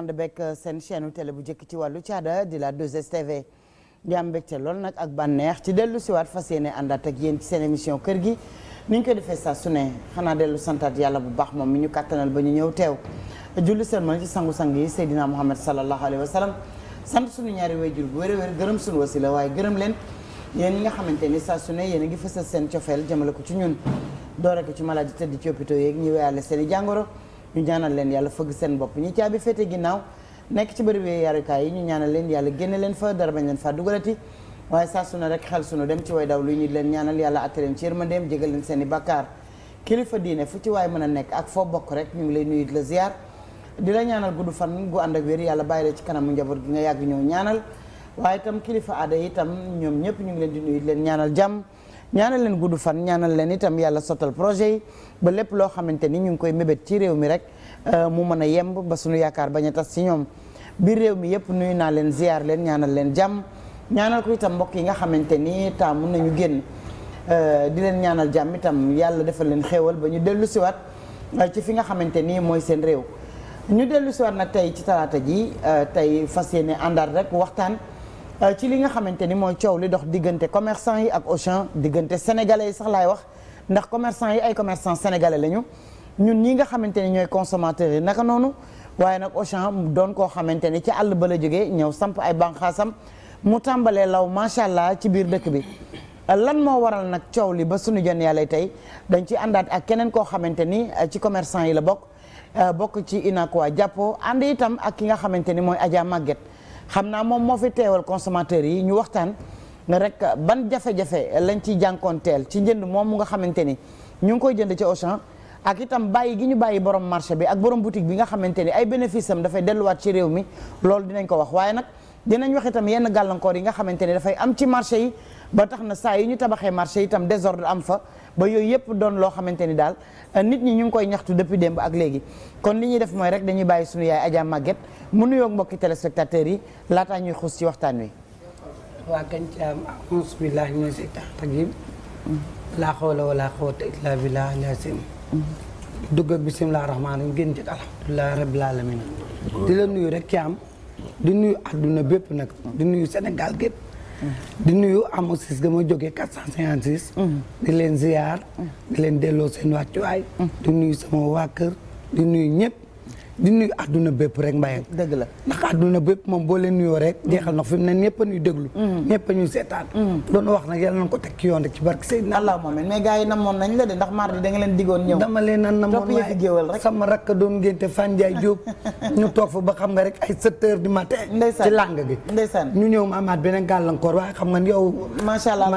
ànd beeg euh, seen chaîne télé bu njëkk ci wàllu caada di la 2STV di am mbégte lool nag ak bànneex ci dellu siwaat fas yéene àndaat ak yéen ci seen émission kër gi ni ñu koy defee saa su ba ñu ñëw teew julli seen mën ci sangu-sang yi Seydina Muhammad sallallahu alayhi wa sallam sant suñu ñaari wayjur bu wér a wér gërëm suñu wasila waaye gërëm leen yéen ñi nga xamante ni saa su ne yéen a ngi fësal seen cofeel jëmale ko ci ñun doore ko ci maladie tëdd ci hôpital yeeg ñu weyale seen jàngoro ñu ñaanal leen yàlla fëgg seen bopp ñi caabi féete ginnaaw nekk ci bërëb yarukaay yi ñu ñaanal leen yàlla génne leen fa dara bañ leen faa dugalati waaye saa su ne rek xel sunu dem ci way daw lu ñu leen ñaanal yàlla atte leen ci yërmandeem jégal leen seen i bakkaar kilifa diine fu ci waay mën a nekk ak foo bokk rek ñu ngi lay nuyu la ziar di la ñaanal gudd fan gu ànd ak wér yàlla bàyyi la ci kanamu njaboot gi nga yàgg ñëw ñaanal waaye itam kilifa aada itam ñoom ñëpp ñu ngi leen di nuyu leen ñaanal jàmm ñaanal leen gudd fan ñaanal leen itam yàlla sottal projet yi ba lépp loo xamante ni ñu ngi koy mébét ci réew mi rek euh, mu mën a yemb ba suñu yaakaar bañ a tas ci ñoom biir réew mi yëpp nuyu naa leen ziar leen ñaanal leen jàmm ñaanal ko itam mbokk yi nga xamante ni taamu nañu génn euh, di leen ñaanal jàmm itam yàlla defal leen xéewal ba ñu dellu siwaat euh, ci fi nga xamante ni mooy seen réew ñu dellu siwaat nag tey ci talaata ji tey fas yéene àndaat rek waxtaan ci li nga xamante ni mooy coow li dox diggante commerçant yi ak Auchan diggante sénégalais yi sax laay wax ndax commerçant yi ay commerçant sénégalais lañu ñun ñi nga xamante ni ñooy consommateurs yi naka noonu waaye nag Auchan doon koo xamante ni ci àll ba la jógee ñëw samp ay banqaasam mu tàmbalee law macha allah ci biir dëkk bi lan moo waral nag coow li ba suñu jën yàlla tey dañ ci àndaat ak keneen koo xamante ni eh, ci commerçant yi la bokk eh, bokk ci waa jàppoo ànd itam ak ki nga xamante ni mooy Adja màgget xam naa moom moo fi teewal consommateurs yi ñu waxtaan ne rek ban jafe-jafe lañ ciy teel ci njënd moom mu nga xamante ni ñu ngi koy jënd ci Auchan ak itam bàyyi gi ñu bàyyi borom marché bi ak borom boutique bi nga xamante ni ay bénéfice dafay delluwaat ci réew mi loolu dinañ ko wax waaye nag dinañ wax itam yenn gàllankoor yi nga xamante ni dafay am ci marché yi ba tax na saa yi ñu tabaxee marché itam désordre am fa ba yooyu yëpp doon loo xamante ni daal eh, nit ñi ñu ngi koy ñaxtu depuis démb ak léegi ko li ñuy def mooy rek dañuy bàyyi suñu yaay Adja Maguette mu nuyoog mbokki téléspectateurs yi laataa ñuy xuus ci wi waa gàncax a'uuzu billaahi mina seytaani rajiim mm-hmm. laa xawla wala xawata illaa billaahi aliyyil aziim mm-hmm. dugg ak bismillaahi rahmaani rahiim génn ci alhamdulillaahi rabbil aalamiin di la nuyu rek am di nuyu adduna bépp nag di nuyu Sénégal gépp mm-hmm. di nuyu amosis ga ma jógee 456 di leen ziyaar di leen delloo seen wàccuwaay di nuyu sama waa kër di nuyu ñëpp di nuyu àdduna bépp rek mbayang dëgg la ndax àdduna bépp moom boo nuyoo rek jeexal na fi mu ne ñëpp a ñuy déglu mm. seetaan mm. doon wax na yàlla nañ ko teg ci yoon rek ci barke Seydina Allahumma amiin mais gars yi namoon nañ la de ndax mardi da nga leen digoon ñëw dama leen a namoon waaye sama rakk doon ngénte ñu toog fa ba xam nga rek ay sept heures du matin ci làng gi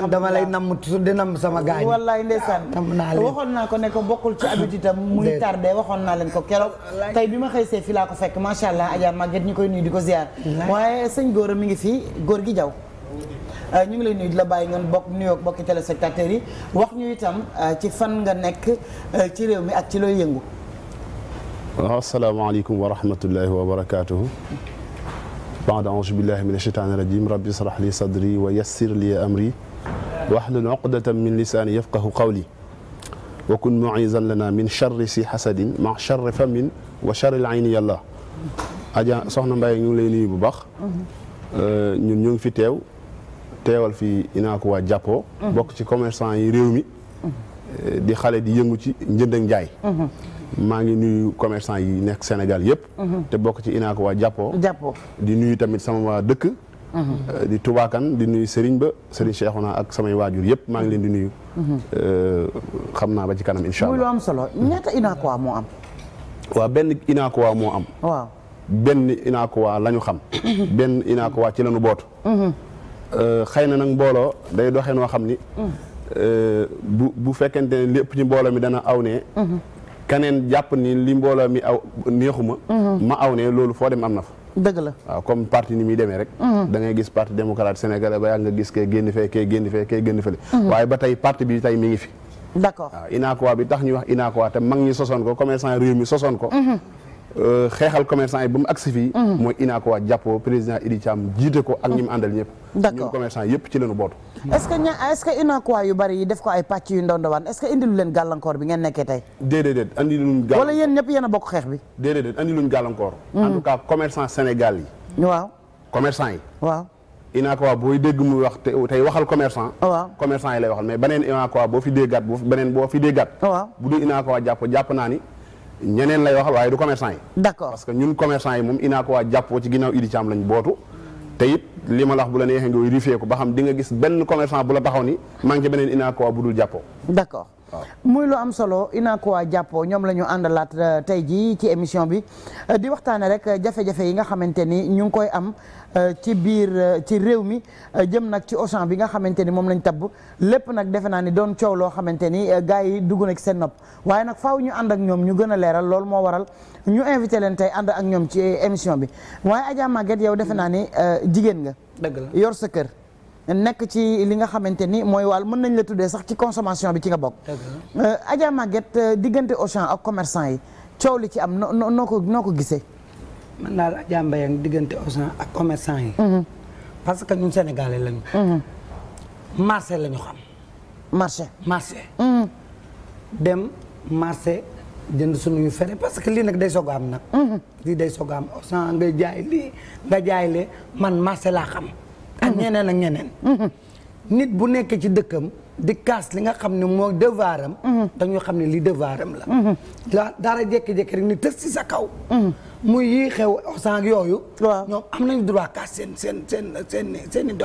dama lay namm su di namm sama gars yi wallaay ndeysaan namm naa leen waxoon naa ko ne ko bokkul ci habitude am muy tardé waxoon naa leen ko keroog tey xëy see fii laa ko fekk macha allah Adja Maguette ñu koy nuyu di ko ziar. waaye sëñ a mi ngi fi góor gi jaw ñu ngi lay nuyu di la bàyyi ngeen bokk nuyoog bokki téléspectateurs yi wax ñu itam euh, ci fan nga nekk euh, ci réew mi ak ci looy yëngu. waaw asalaamaaleykum wa rahmatullahi wa barakaatuhu. baada auzu billahi min asheytaani rajim rabbi israh li sadri wa yassir li amri wahlul uqdatan min lisaani yafqahu qawli. wa kun muizan lana min charri si hasadin ma charri famin wa charri al ayni yàlla soxna Mbaye ñu ngi lay nuyu bu baax euh, ñun ñu ngi fi teew teewal fi inaako waa jàppoo bokk ci commerçant yi réew mi euh, di xale di yëngu ci njënd ak njaay maa ngi nuyu commerçant yi nekk Sénégal yëpp mhm. te bokk ci inaako waa jàppoo jàppoo di nuyu tamit sama waa dëkk Euh, di tubaakan di nuy Serigne ba Serigne naa ak samay waajur yëpp maa ngi leen di nuyu. Euh, xam naa ba ci kanam incha allah. muy am solo ñaata Unacois waaw benn Unacois moo am. waaw benn Unacois la xam. benn Unacois ci la ñu bootu. Mhm. Euh, xëy na nag mbooloo day doxee noo xam ni. Mhm. bu bu fekkente ne lépp ci mbooloo mi dana aw ne. Mhm. keneen jàpp ni li mbooloo mi aw neexuma ma aw ne loolu foo dem am na fa. dëgg la waaw comme parti ni muy demee rek mhm. da ngay gis parti démocrate sénégalais ba yàgg nga gis kee génn fee kee génn fee kee génn fële mhm. waaye ba tey parti bi tey mi ngi fi d'accord waaw inaakuwaa bi tax ñuy wax inaakuwaa te mag ñi sosoon ko commerçant réew mi sosoon ko mhm. Euh, xeexal commerçant yi ba mu agsi fii mm-hmm. mooy INACO jàppoo président Idi Thiam jiite ko ak ñi mu àndal ñëpp d'accord ñun commerçant yëpp ci lañu bootu est-ce que ña est-ce que INACO yu bari yi def ko ay pàcc yu ndaw ndawaan est-ce que indilu leen gàllankoor bi ngeen nekkee tey déedéet déet andi luñ wala yéen ñëpp yéen a bokk xeex bi déedéet déet andi luñ gàllankoor mm-hmm. en tout cas commerçant Sénégal yi waaw commerçant yi waaw INACO booy dégg muy wax tey waxal commerçant waaw commerçant yi lay waxal mais beneen INACO boo fi déggaat boo beneen boo fi déggaat waaw bu dul INACO jàpp jàpp naa ni ñeneen lay waxal waaye du commerçant yi. d'accord parce que ñun commerçant yi moom inaa ko waa jàppoo ci ginnaaw Idi Thiam lañ bootu. te it bu la neexee nga rifee ba xam di gis benn commerçant bu la taxaw ni manqué beneen inaa ko waa bu dul jàppoo. d'accord muy lu am solo inaa ko waa jàppoo ñoom la ñu àndalaat euh, tey jii ci émission bi euh, di waxtaanee rek jafe-jafe yi nga xamante ni ñu koy am. ci biir euh, ci réew mi euh, jëm nag ci Auchan bi nga xamante ni moom lañ tabb lépp nag defe naa ni doon coow loo xamante ni euh, gars yi dugg na seen nopp waaye nag faw ñu ànd ak ñoom ñu gën a leeral loolu moo waral ñu invité leen tey ànd ak ñoom ci émission bi waaye Adja Maguette yow defe naa ni jigéen nga. dëgg la yor sa kër. nekk ci li nga xamante ni mooy wàll mën nañ la tuddee sax ci consommation bi ci nga bokk. Adja Maguette diggante Auchan ak commerçant yi coow li ci am noo noo ko noo ko gisee. man daal Adja Mbaye ak diggante Auchan ak commerçant yi. Mhm. parce que ñun sénégalais lañu. Mhm. marché lañu xam. marché marché. Mhm. dem marché jënd suñuy fere parce que lii nag day soog am nag. lii day soog am Auchan nga jaay lii nga jaay man marché laa xam. ak ñeneen ak ñeneen. nit bu nekkee ci dëkkam di kaas li nga xam ne mooy devoiram. dañoo xam ne lii devoiram la. la dara jékki-jékki rek ni tës ci sa kaw. muy yii xew oxsang yooyu. waaw ñoom am nañu droit kaas seen seen seen seen seen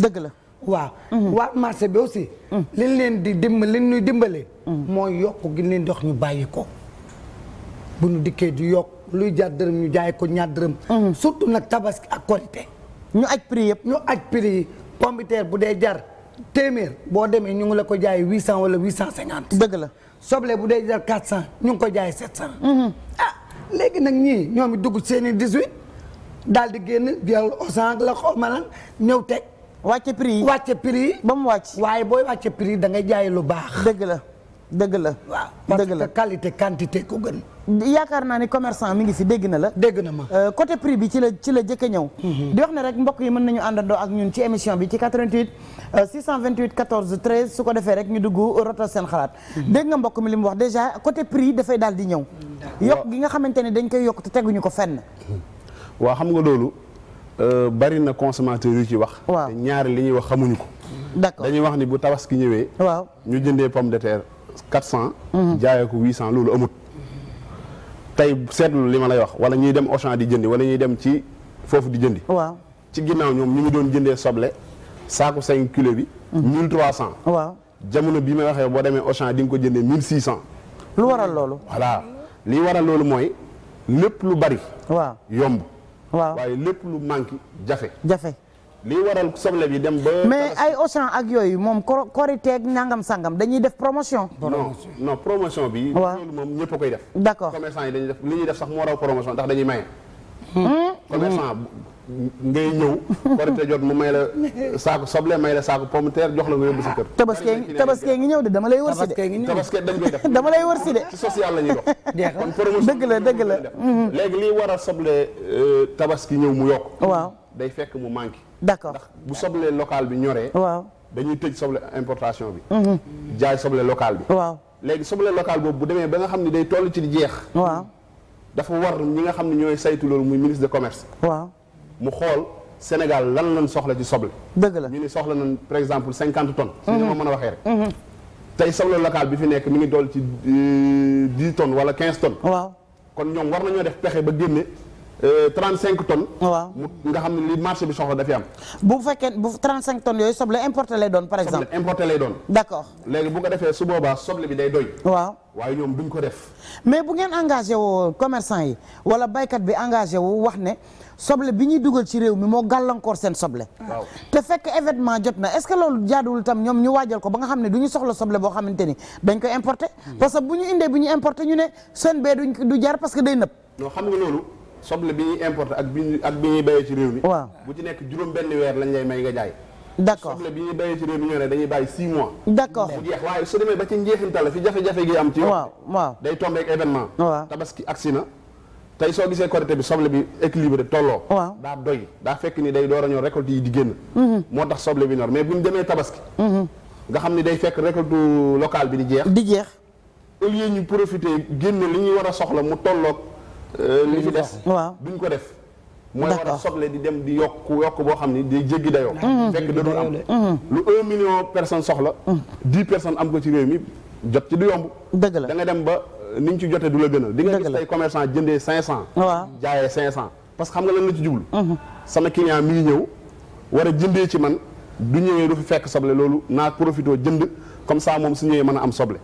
dëgg la waaw. Mhm. waa marché bi aussi. Mhm. liñ leen di dimb liñ ñuy dimbale. Mhm. mooy yokk gi leen dox ñu bàyyi ko. bu ñu dikkee di yokk luy jar dërëm ñu jaay ko ñaar surtout nag tabaski ak korité. ñu aj prix yëpp ñu aj prix yi pompiteer bu dee jar téeméer boo demee ñu ngi la ko jaay huit cent wala huit cent cinquante. dëgg la soble bu dee jar quatre cent ñu ngi ko jaay sept cent. Ah léegi nag ñii ñoom it dugg seeni 18 daal di génn biir osan la xaw ma lan ñëw teg. wàcce prix yi wàcce prix yi. ba mu wàcc waaye booy wàcce prix da ngay jaay lu baax. dëgg la. dëgg la waaw parce ko gën yaakaar naa ni commerçant mi ngi fi dégg na la dégg na ma euh, côté prix bi ci la ci la jëkk a ñëw mhm. di wax na rek mbokk yi mën nañu àndandoo ak ñun ci émission bi ci 88 628 14 13 su ko defee rek ñu dugg rotal seen xalaat mhm. dégg nga mbokk mi li mu wax déjà côté prix dafay daal di ñëw yokk gi nga xamante ne dañ koy yokk te teguñu ko fenn mhm. waa xam nga loolu euh, bari na consommateur yu ci wax te ñaari li ñuy wax xamuñu ko d'accord dañuy wax ni bu tabaski ñëwee waaw ñu jëndee pomme de terre quatre cent jaayee ko huit cent loolu amut tey seetlu li ma lay wax wala ñuy dem Auchan di jëndi wala ñuy dem ci foofu di jëndi waaw ci ginnaaw ñoom ñu ngi doon jëndee soble saako cinq kilo bi mille trois cent waaw jamono bi may waxee boo demee Auchan di nga ko jëndee mille six cent lu waral loolu voilà li waral loolu mooy lépp lu bari waaw yomb waaw waaye lépp lu manqué jafe jafe lii waral soble bi dem ba. mais ay Auchan ak yooyu moom koriteeg nangam sàngam dañuy def promotion. non non promotion bi. waaw loolu moom ñëpp koy def. d' accord commerçant yi dañuy def li ñuy def sax moo raw promotion ndax dañuy maye. Hmm? commerçant ngay ñëw. korite jot mu may la saako soble may la saako pomme terre jox la nga yóbbu sa kër. tabaskee tabaskee ngi ñëw de dama lay wër si de. tabaskee dañ koy def dama lay wër si de. ci la ñuy dox. kon promotion dëgg la dëgg la. Hmm. léegi li waral soble euh, tabaski ñëw mu yokk. waaw day fekk mu manqué. d'accord ndax bu soble local bi ñoree. waaw dañuy tëj soble importation bi. Mhm. jaay soble local bi. waaw léegi soble local boobu bu demee ba nga xam ne day toll ci di jeex. waaw dafa war ñi nga xam ne ñooy saytu loolu muy ministre de commerce. waaw mu xool Sénégal lan lañ soxla ci soble. dëgg la ñu ne soxla nañ par exemple cinquante tonnes. si ni mhm. ma mën a waxee rek. Mhm. tey soble local bi fi nekk mi ngi dool ci euh, dix tonnes wala quinze tonnes. waaw kon ñoom war nañoo def pexe 35 euh, tonnes. waaw nga xam ne li marché bi soxla dafi am. bu fekkee bu 35 tonnes yooyu soble importé lay doon par exemple. soble importé lay doon. d'accord léegi bu ko defee su boobaa soble bi day doy. waaw waaye ñoom duñ ko def. mais bu ngeen engagé woo commercant yi wala baykat bi engagé wu wax ne. soble bi ñuy dugal ci réew mi moo gàllankoor seen soble. te fekk événement jot na est-ce que loolu jaaduwul tam ñoom ñu waajal ko ba nga xam ne du ñu soxla soble boo xamante ni dañ koy importer. Hmm. parce que bu ñu indee bu ñu importer ñu ne seen bee duñ du jar parce que day nëb. non xam nga loolu. soble bi ñuy importer ak bi ñuy ak bi ñuy béyee ci réew mi. waaw bu ci nekk juróom benn weer lañ lay may nga jaay. d' accord soble bi ñuy béyee ci réew mi ñoo ne dañuy bàyyi 6 mois. d' accord bu jeex waaye su demee ba ci njeexintal fi jafe-jafe gi am. ci waaw waaw day tombé événement. waaw tabaski agsi na. tey soo gisee korité bi soble bi équilibré tolloo. waaw daa doy daa fekk ni day door a ñor récolte yi di génn. Mm-hmm. moo tax soble bi ñor mais bu ñu demee tabaski. Mm-hmm. nga xam ni day fekk récolte locale bi di jeex. di jeex. ñu profité génn li ñuy war a soxla mu tolloog Euh, li fi ko def. mooy war a soble di dem di yokk yokk boo xam ni day jéggi dayoo. Mm-hmm. fekk da dul am mm-hmm. Mm-hmm. lu un million personnes soxla. dix personnes am ko ci réew mi jot ci du yomb. dëgg da nga dem ba euh, ni ñu ci jotee du la gënal. di nga gis tey commerçant jëndee cinq cent. waaw jaayee cinq cent. parce que xam nga lan la ci jublu. sama client mi ngi ñëw war a jëndee ci man du ñëwee du fi fekk soble loolu naa profité jënd comme ça moom su ñëwee mën a am soble.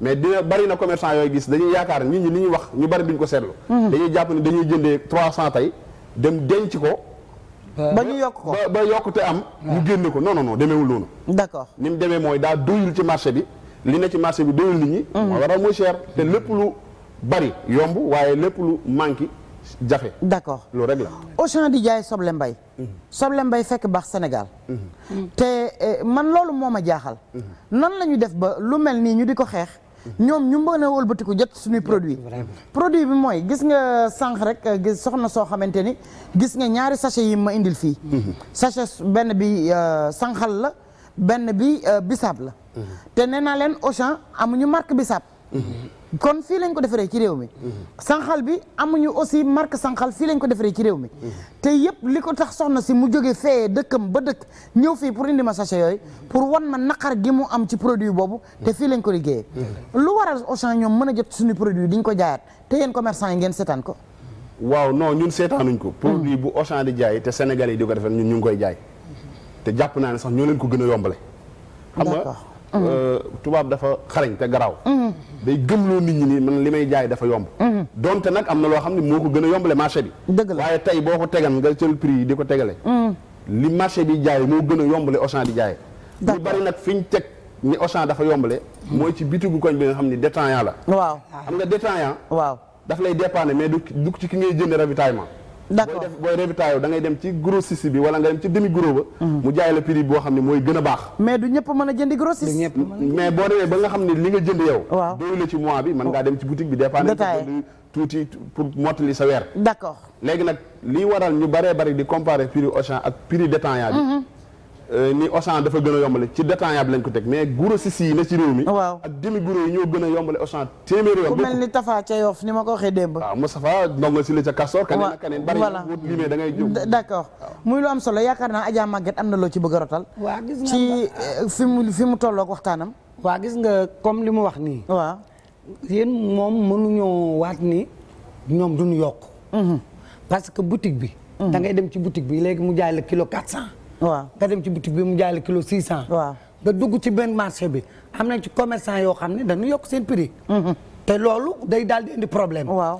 mais dina bari na commercant yooyu gis dañuy yaakaar nit ñi li ñuy wax ñu bari duñ ko seetlu. Mm-hmm. dañuy jàpp ne dañuy jëndee 300 tey dem denc ko. ba ñu yokk ko ba yokkute am. ñu génne ko non non non demeewul noonu. d'accord ni mu demee mooy daa doyul ci marché bi li na ci marché bi doyul nit ñi. Mm-hmm. moo waral muy cher te mm-hmm. lépp lu bari yomb waaye lépp lu manqué jafe. d'accord loolu rek la. Auchan di jaay soble mbay. soble mbay fekk baax Sénégal. te eh, man loolu moom a jaaxal. la ñu def ba lu mel nii ñu di ko xeex. ñoom ñu mën a wëlbatiku jot suñuy produit produit bi mooy gis nga sànq rek euh, gis soxna soo xamante ni gis nga ñaari sachet yi ma indil fii mhm. sachet benn bi euh, sànqal la benn bi euh, bisaab la mhm. te nee naa leen Auchan amuñu marque bisaab mhm. kon fii lañ ko defaree ci réew mi mhm. sànqal bi amuñu aussi mark sànqal fii lañ ko defaree ci réew mi mhm. te yëpp li ko tax soxna si mu jóge fee dëkkam ba dëkk ñëw fii pour indi ma sachet yooyu mhm. pour wan ma naqar gi mu am ci produit boobu te fii lañ ko liggéeyee lu waral Auchan ñoom mën a jot suñu produit diñ ko jaayaat te yéen commerçant yi ngeen seetaan ko waaw non ñun seetaanuñ ko produit bu Auchan di jaay te Sénégalais yi di ko defee ñun ñu ngi koy jaay te jàpp naa ne sax ñoo leen ko gën a yombale Euh, mhm. tubaab dafa xarañ te garaaw. Mhm. day loo nit ñi ni man li may jaay dafa yomb. Mhm. donte nag am na loo xam ne moo ko gën a yombale marché bi. dëgg la waaye tey boo ko tegan nga jël prix yi di ko tegale. li marché bi jaay moo gën a yombale Auchan di jaay. d'accord ñu bari nag fi ñu teg ni Auchan dafa yombale. mooy ci bitigu koñ bi nga xam ni détaillant la. waaw xam nga détaillant. waaw daf lay dépanner mais du ci ki ngay jënd ravitaillement. d'accord def booy ravitaillé da ngay dem ci grossiste bi wala nga dem ci demi gros ba. Mhm. mu jaay la prix boo xam ne mooy gën a baax. mais du ñëpp mën a jënd grossiste. mais boo demee ba nga xam ne li nga jënd yow. waaw doyu la ci mois bi mën ngaa dem ci boutique bi. détaillé tuuti pour mottali sa weer. léegi nag li waral ñu baree bari di comparer prix Auchan ak prix détaillant bi. Mhm. Euh, ni Auchan dafa gën a yombale ci détaillant bi lañ ko teg mais grossiste yi ne ci réew mi. waaw ak demi gros yi ñoo gën a yombale Auchan téeméeri mel ni Tafa ca ni ma ko waxee démb. waaw Moustapha ndongo si la ca Castor. kaneen ak kaneen bari na wut limee da ngay jóg. muy lu am solo yaakaar naa Adja Maguette am na loo ci bëgg a rotal. waaw gis nga ci euh, fi mu fi mu tolloog waxtaanam. waaw gis nga comme li mu wax nii. waaw yéen moom mënuñoo waat ni ñoom duñu yokk. Mhm. parce que boutique bi. Mhm. da ngay dem ci boutique bi léegi mu jaay la kilo 400. waaw nga dem ci boutique bi mu jaay la kilo 600. waaw nga dugg ci benn marché bi am nañ ci commerçant yoo xam ne dañu yokk seen prix. Mhm. te loolu day dal di indi problème. waaw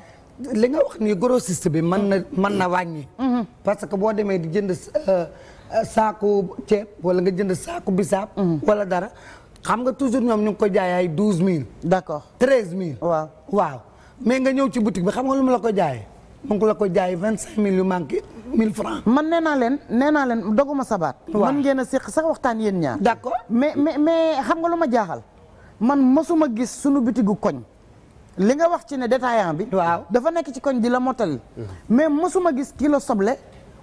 li nga wax ni grossiste bi mën na mën na wàññi. Mhm. parce que boo demee di jënd euh, saaku ceeb wala nga jënd saaku bisaab. Mhm. wala dara xam nga toujours ñoom ñu ngi ko jaay ay douse mille. d'accord treize mille. waaw waaw mais nga ñëw ci boutique bi xam nga lu mu la ko jaayee. mu ngi la ko jaay vingt cinq mille yu manqué mille francs man nee naa leen neenaa leen doguma sabaat man ngeen a séq sax waxtaan yéen ñaar d'accord mais mais mais xam nga lu ma jaaxal man mësuma gis sunu bitigu koñ li nga wax ci ne détaillant bi waaw dafa nekk ci koñ di la mottali mais mësuma gis kilo soble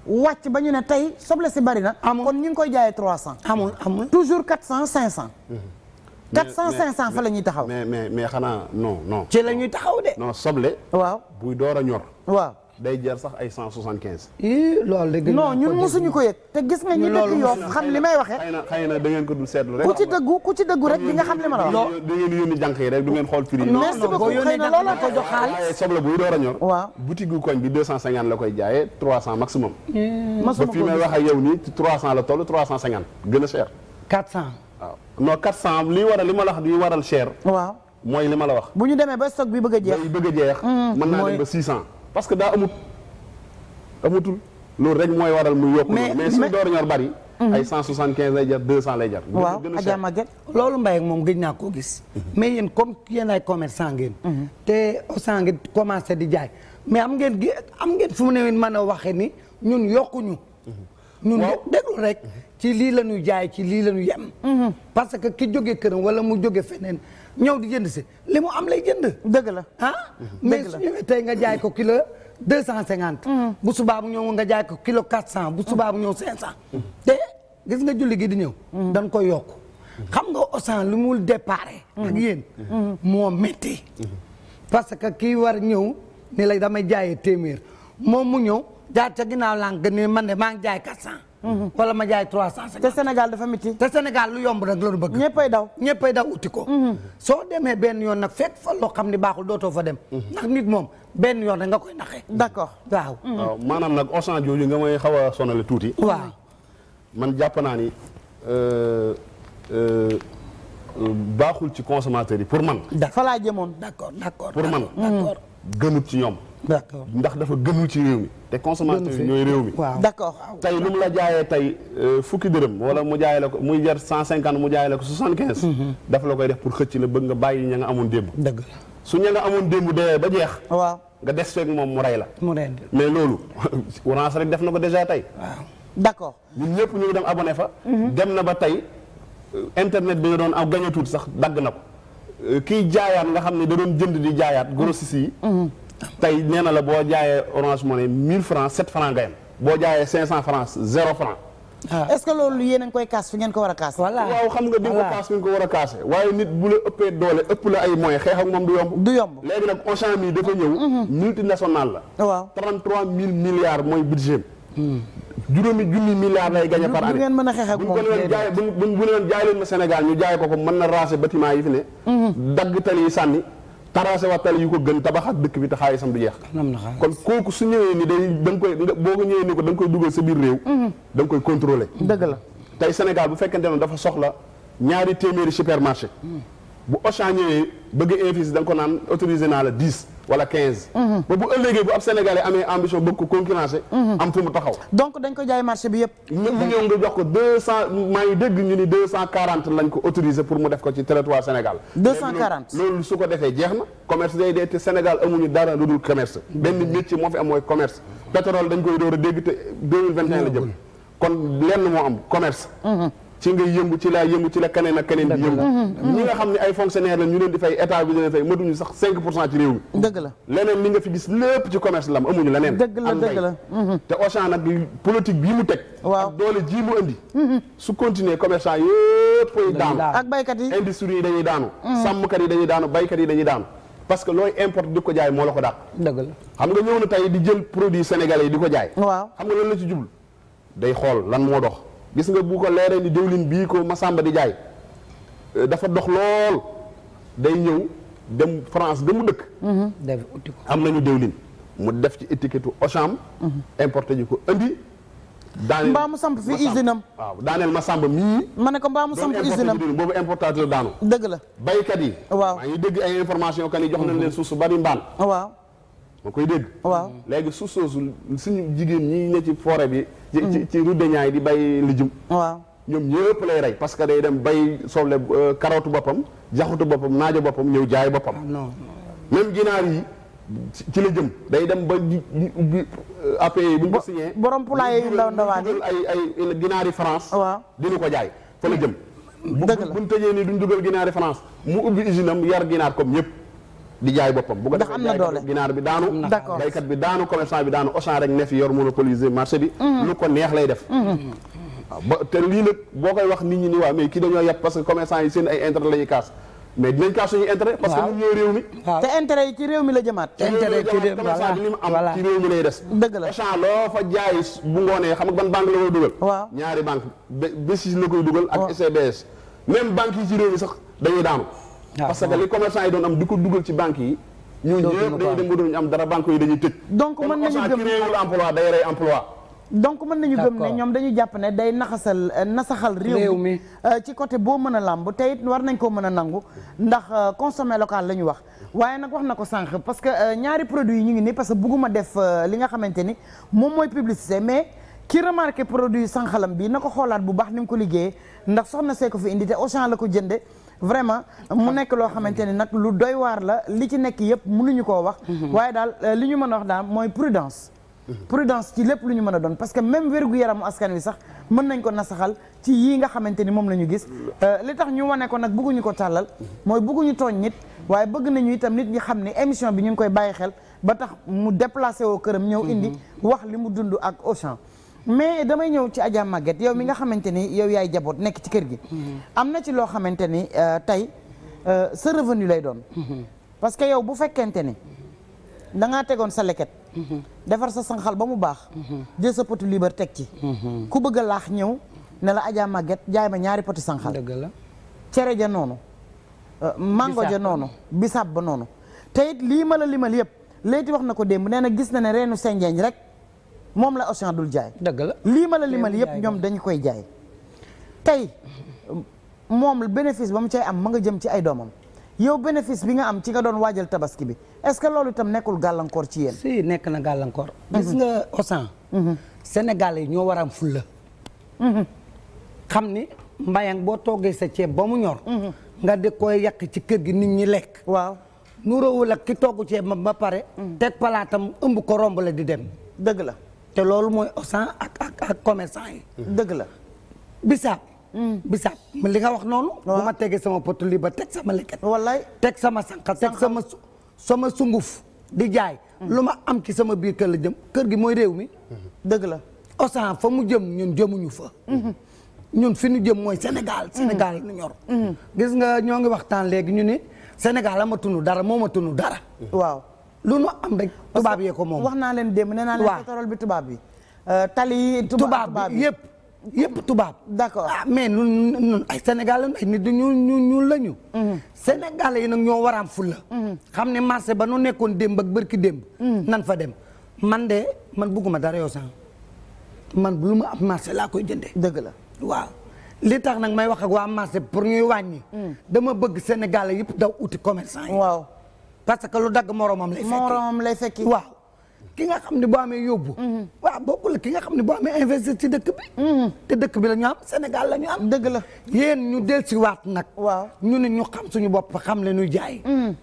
wàcc ba ñu ne tey soble si bari na kon ñu ngi koy jaayee trois cent amul amul toujours quatre cent cinq cent mmh. 400 cent fa la ñuy taxaw. mais mais mais xanaa non non. ci la ñuy taxaw de. non soble. waaw buy door a ñor. waaw. day jar sax ay cent 175. ii loolu de gën non ñun mosuñu ko yëg. gis nga ñi dëkk yoo xam li may waxee. xëy na xëy na da ngeen ko du seetlu rek. ku ci dëggu ku rek di nga xam li ma la wax. non yónni jànq yi rek du ngeen xool prix yi. non non boo yónnee da nga ko jox xaalis soble buy door a ñor. waaw boutique gu koñ bi 250 la koy jaayee 300 maximum. masuma ko ba fii may wax ak yow nii 300 la toll 350 gën a cher. 400. non 400 liy waral li ma la wax liy waral cher. waaw mooy li ma la wax. bu ñu demee ba stock bi bëgg a jeex. bëgg a jeex. Mm, mën naa dem ba 600. parce que daa amut amutul loolu rek mooy waral muy yokku. mais mais suñu door ñor bari. Mm-hmm. ay 175 lay jar 200 lay jar. waaw Adja Maguette loolu mbay moom gëj naa koo gis. Mm-hmm. mais yéen comme yéen ay commerçant ngeen. Mm-hmm. te Auchan ngeen commencé di jaay mais am ngeen am ngeen fu mu ne man a waxee ni ñun yokkuñu. ñun déglu rek. ci lii la ñuy jaay ci lii la ñuy yem. Mhm. parce que ki joge këram wala mu jóge feneen ñëw di jënd si li mu am lay jënd. dëgg la ah. Mhm. mais su ñëwee tey nga jaay ko kilo deux cent cinquante. Mhm. bu subaa bu ñëw nga jaay ko kilo quatre cent bu subaa ñëw cinq cent. gis nga julli gi di ñëw. dañ koy yokk. xam nga Auchan lu mu déparé. ak yéen. moo métti. parce que ki war ñëw ni lay damay jaayee téeméer moo mu ñëw jaar ca ginnaaw lànk ne man ne maa ngi jaay quatre cent. Mm-hmm. wala ma jaay trois cent cinquante. Sénégal dafa métti. te Sénégal lu yomb nag loolu bëgg. ñëppay daw ñëppay daw uti ko. Mm-hmm. soo demee benn yoon nag fekk fa loo xam ni baaxul dootoo fa dem. Mm-hmm. ndax nit moom benn yoon rek nga koy naxee. d'accord waaw. waaw maanaam nag Auchan jooju nga may xaw a sonale tuuti. waaw man jàpp naa ni. Euh, euh, baaxul ci consommateur yi pour man. dafa laa jëmoon d'accord d'accord. pour man d'accord gënut ci ñoom. d'accord ndax dafa gënul ci réew mi. te consommateur yi ñooy réew mi. waaw d'accord tey lu mu la jaayee tey euh, fukki dërëm wala mu jaayee la ko muy jar cent cinquante mu jaayee la ko soixante quinze. Mm-hmm. dafa la koy def pour xëcc la nga bàyyi ña nga amoon démb. dëgg su ña démb dee ba jeex. waaw nga des feeg moom mu rey la. mu rey mais loolu orange rek def na ko déjà tey. waaw d'accord ñun ñëpp ñu dem abone fa. Mm-hmm. dem na ba tey euh, internet bi nga doon am gañatuut sax dagg na ko. Euh, kiy jaayaat nga xam ne da doon jënd di jaayaat grossiste yi. Mm-hmm. tey nee la boo jaayee orange money 1000 francs 7 francs nga boo jaayee 500 francs 0 francs ah. est-ce que loolu yéen a koy kaas fi ngeen ko war a kaase. waaye nit bu la ëppee doole ëpp la ay moyens xeex moom du yomb. du yomb léegi nag Auchan mi dafa ñëw. Mhm. multinational la. waaw 33 mille milliards mooy budget juróomi junni milliards lay gagné par année. bu ngeen mën a xeex moom jaay bu ñu jaay leen ma Sénégal ñu jaay ko ko mën na tracé waat tali yu ko gën tabaxaat dëkk bi te xaalisam du jeex kon kooku su ñëwee ni day da nga koy boo ko ñëwee ni ko da nga koy dugal sa biir réew mhm. da nga koy contrôler dëgg la tey Sénégal bu fekkente ne dafa soxla ñaari téeméeri supermarché mhm. bu Auchan ñëwee bëgg investir da ko naan autorisé naa la dix wala quinze. Mhm. ba bu ëllëgee bu ab Sénégalais amee ambition bëgg ko concurrencer. Mhm. am fu mu taxaw. donc dañ ko jaay marché bi yëpp. ñëpp ñëw jox ko deux cent maa ngi dégg ñu ni deux cent quarante lañ ko autorisé pour mu def ko ci territoire Sénégal. deux cent quarante loolu su ko defee jeex na commerce day dee te Sénégal amuñu dara lu dul commerce. benn métier moo fi am commerce. pétrole dañ koy door a dégg te deux mille vingt et un la jëm. kon ci nga yëngu ci laa yëngu ci la keneen ak keneen di yëngu mhm, mhm. ñi nga xam ne ay fonctionnaire la ñu leen di fay état bi leen fay matuñu sax cinq ci réew mi dëgg la leneen li nga fi gis lépp ci commerce lam amuñu leneen dëgg la dëgg la mhm. te Auchan nag politique bi mu teg waaw ak doole ji mu indi su continuer commerçant yëpp koy daanu ak baykat yi industrie yi dañuy daanu sàmmkat yi dañuy daanu baykat yi dañuy daanu parce que looy importe di ko jaay moo la ko dàq dëgg la xam nga ñëw na tey di jël produit sénégalais yi di ko jaay waaw xam nga loolu la ci jublu xool lan moo dox gis nga bu ko leeree ni diwlin bii ko Masamba di jaay euh, dafa dox lool day ñëw dem France ga dëkk. Mhm. am nañu diwlin mu def ci étiquette Auchan. Mhm. importé ji ko indi. daaneel mbaa mu samp fi usine waaw daaneel Masamba mii. ma ne ko mbaa mu samp usine am boobu importateur daanu. dëgg la baykat yi. waaw maa ngi ay information kan yi jox nañ mhm. leen suuf su bari mbaan. waaw. ma koy dégg. waaw léegi suuf soosu suñu jigéen ñi ne ci bi. ci ci rudde ñaay di bay lijum waaw ñoom ñëpp lay rey parce que day dem bay soble euh, carotte boppam jaxutu boppam naajo boppam ñëw jaay boppam ah, même ginaar yi ci la jëm day dem ba ubbi euh, app e yi bu ñu ko signé borom poulailler yu ndaw ndawaan yi ay ay ginaari France waaw ko jaay fa la jëm dëgg la bu ñu tëjee nii duñ dugal ginaari France mu ubbi usine am yar ginaar comme ñëpp di jaay boppam bu ko defee jaaykat bi daanu baykat bi daanu commerçant bi daanu Auchan rek ne fi yor marché bi mhm. lu ko neex lay def mhm. te lii nag boo koy wax nit ñi ni waa mais ki dañoo yàpp parce que commerçant yi seen ay intérêt la ñuy kaas mais dinañ kaas suñu intérêt parce que ñun ñoo réew mi te intérêt yi ci réew mi la jëmaat intérêt ci réew mi commerçant bi li mu am ci réew mi lay des dëgg la Auchan loo fa jaay bu ngoonee xam nga ban banque la koy dugal waaw ñaari banque BCIS la koy dugal e même banque yi ci réew mi sax dañuy daanu Ah, parce que li commerçant yi doon am di ko dugal ci banque yi ñu ñëpp dañuy dem ba doon ñu am dara banque yi dañuy tëj donc mën nañu gëm ki réewul emploi ne ñoom dañu jàpp ne day naxasal euh, nasaxal réew mi euh, ci côté boo mën a làmb tey it war nañ koo mën a nangu ndax euh, consommer local la ñu wax waaye nag wax na ko sànq parce que ñaari produit yi ñu ngi nii parce que bugguma def li nga xamante ni moom mooy publicité mais ki remarqué produit sànqalam bii na ko xoolaat bu baax ni mu ko liggéeyee ndax soxna see ko fi indi te Auchan la ko jënde vraiment mu nekk loo xamante ni nag lu doy waar la li ci nekk yëpp mënuñu koo wax mhm. waaye daal euh, li ñu mën a wax daal mooy prudence mhm. prudence ci lépp lu ñu mën a doon parce que même wérgu yaramu askan wi sax mën nañ ko nasaxal ci yii nga xamante ni moom la ñu gis euh, li tax ñu wane ko nag bëgguñu ko tàllal mooy bëgguñu tooñ nit waaye bëgg nañu itam nit ñi xam ne émission bi ñu ngi koy bàyyi xel ba tax mu déplacé woo këram ñëw indi mhm. wax li mu dund ak Auchan mais damay ñëw ci Adja màgget yow mi nga xamante ni yow yaay jaboot nekk ci kër gi. Mm-hmm. am na ci loo xamante ni euh, tey euh, sa revenu lay doon. Mm-hmm. parce que yow bu fekkente ni da ngaa tegoon sa leket. Mm-hmm. defar sa sanxal ba mu baax. jël sa potu liibar teg ci. ku bëgg a laax ñëw ne la Adja màgget jaay ma ñaari poti sanxal. dëgg cere ja noonu. Euh, mango ja noonu bisaab ba noonu. te it lii ma la limal yëpp léegi wax na ko démb nee na gis na ne reenu senjeeñ rek. moom la Océan dul jaay. dëgg la lii ma la limal yëpp ñoom dañu koy jaay. tey moom bénéfice ba mu cay am ma nga jëm ci ay doomam yow bénéfice bi nga am ci nga doon waajal tabaski bi est-ce que loolu itam nekkul gàllankoor ci yéen. si nekk na gàllankoor. Mhm. gis nga Océan. Mhm. Sénégal yi ñoo war a am fulla. Mhm. xam ni mbayan boo toggee sa ceeb ba mu ñor. nga di koy yàq ci kër gi nit ñi lekk. waaw nuróowul la ki togg ceeb ma ba pare. teg palaatam ëmb ko romb la di dem. dëgg la. te loolu mooy Auchan ak ak ak commerçant yi. Mmh. dëgg la bisaab. Mmh. bisaab li nga wax noonu. bu ma tegee sama potu lii ba teg sama leket. wallaay teg sama sànqa teg sama sunguf di jaay. Mmh. lu ma am ci sama biir kër la jëm kër gi mooy réew mi. dëgg la Auchan fa mu jëm ñun jëmuñu fa. ñun fi ñu jëm mooy Sénégal. Sénégal nu ñor. gis nga ñoo ngi waxtaan léegi ñu ne Sénégal amatunu dara moomatunu dara. waaw. lu nu am da tubaab yee ko moom wax naa leen démb nee naa leen pétrole bi tubaab bi euh, tali yi tubaab bi yëpp yëpp tubaab d'accord ah mais nun nun ay Sénégal la ay nit du ñu ñu ñuul la ñu mhm. Sénégal yi nag ñoo war a am fulla mhm. xam ne marché ba nu nekkoon démb ak bërki démb mhm. nan fa dem man de man bugguma dara yow man bu ma ab marché laa koy jënde dëgg la waaw li tax nag may wax ak waa marché pour ñuy ni dama bëgg Sénégal yëpp daw uti commercant yi waaw parce que lu dagg moromam lay fekki moromam lay fekki waaw ki nga xam ne boo amee yóbbu mhm. waaw bokkul ki nga xam ne boo amee investir ci dëkk bi mhm. te dëkk bi la ñu am Sénégal la ñu am dëgg la yéen ñu del si waat nag waaw ñu ne ñu xam suñu bopp xam leen ñuy jaay mhm.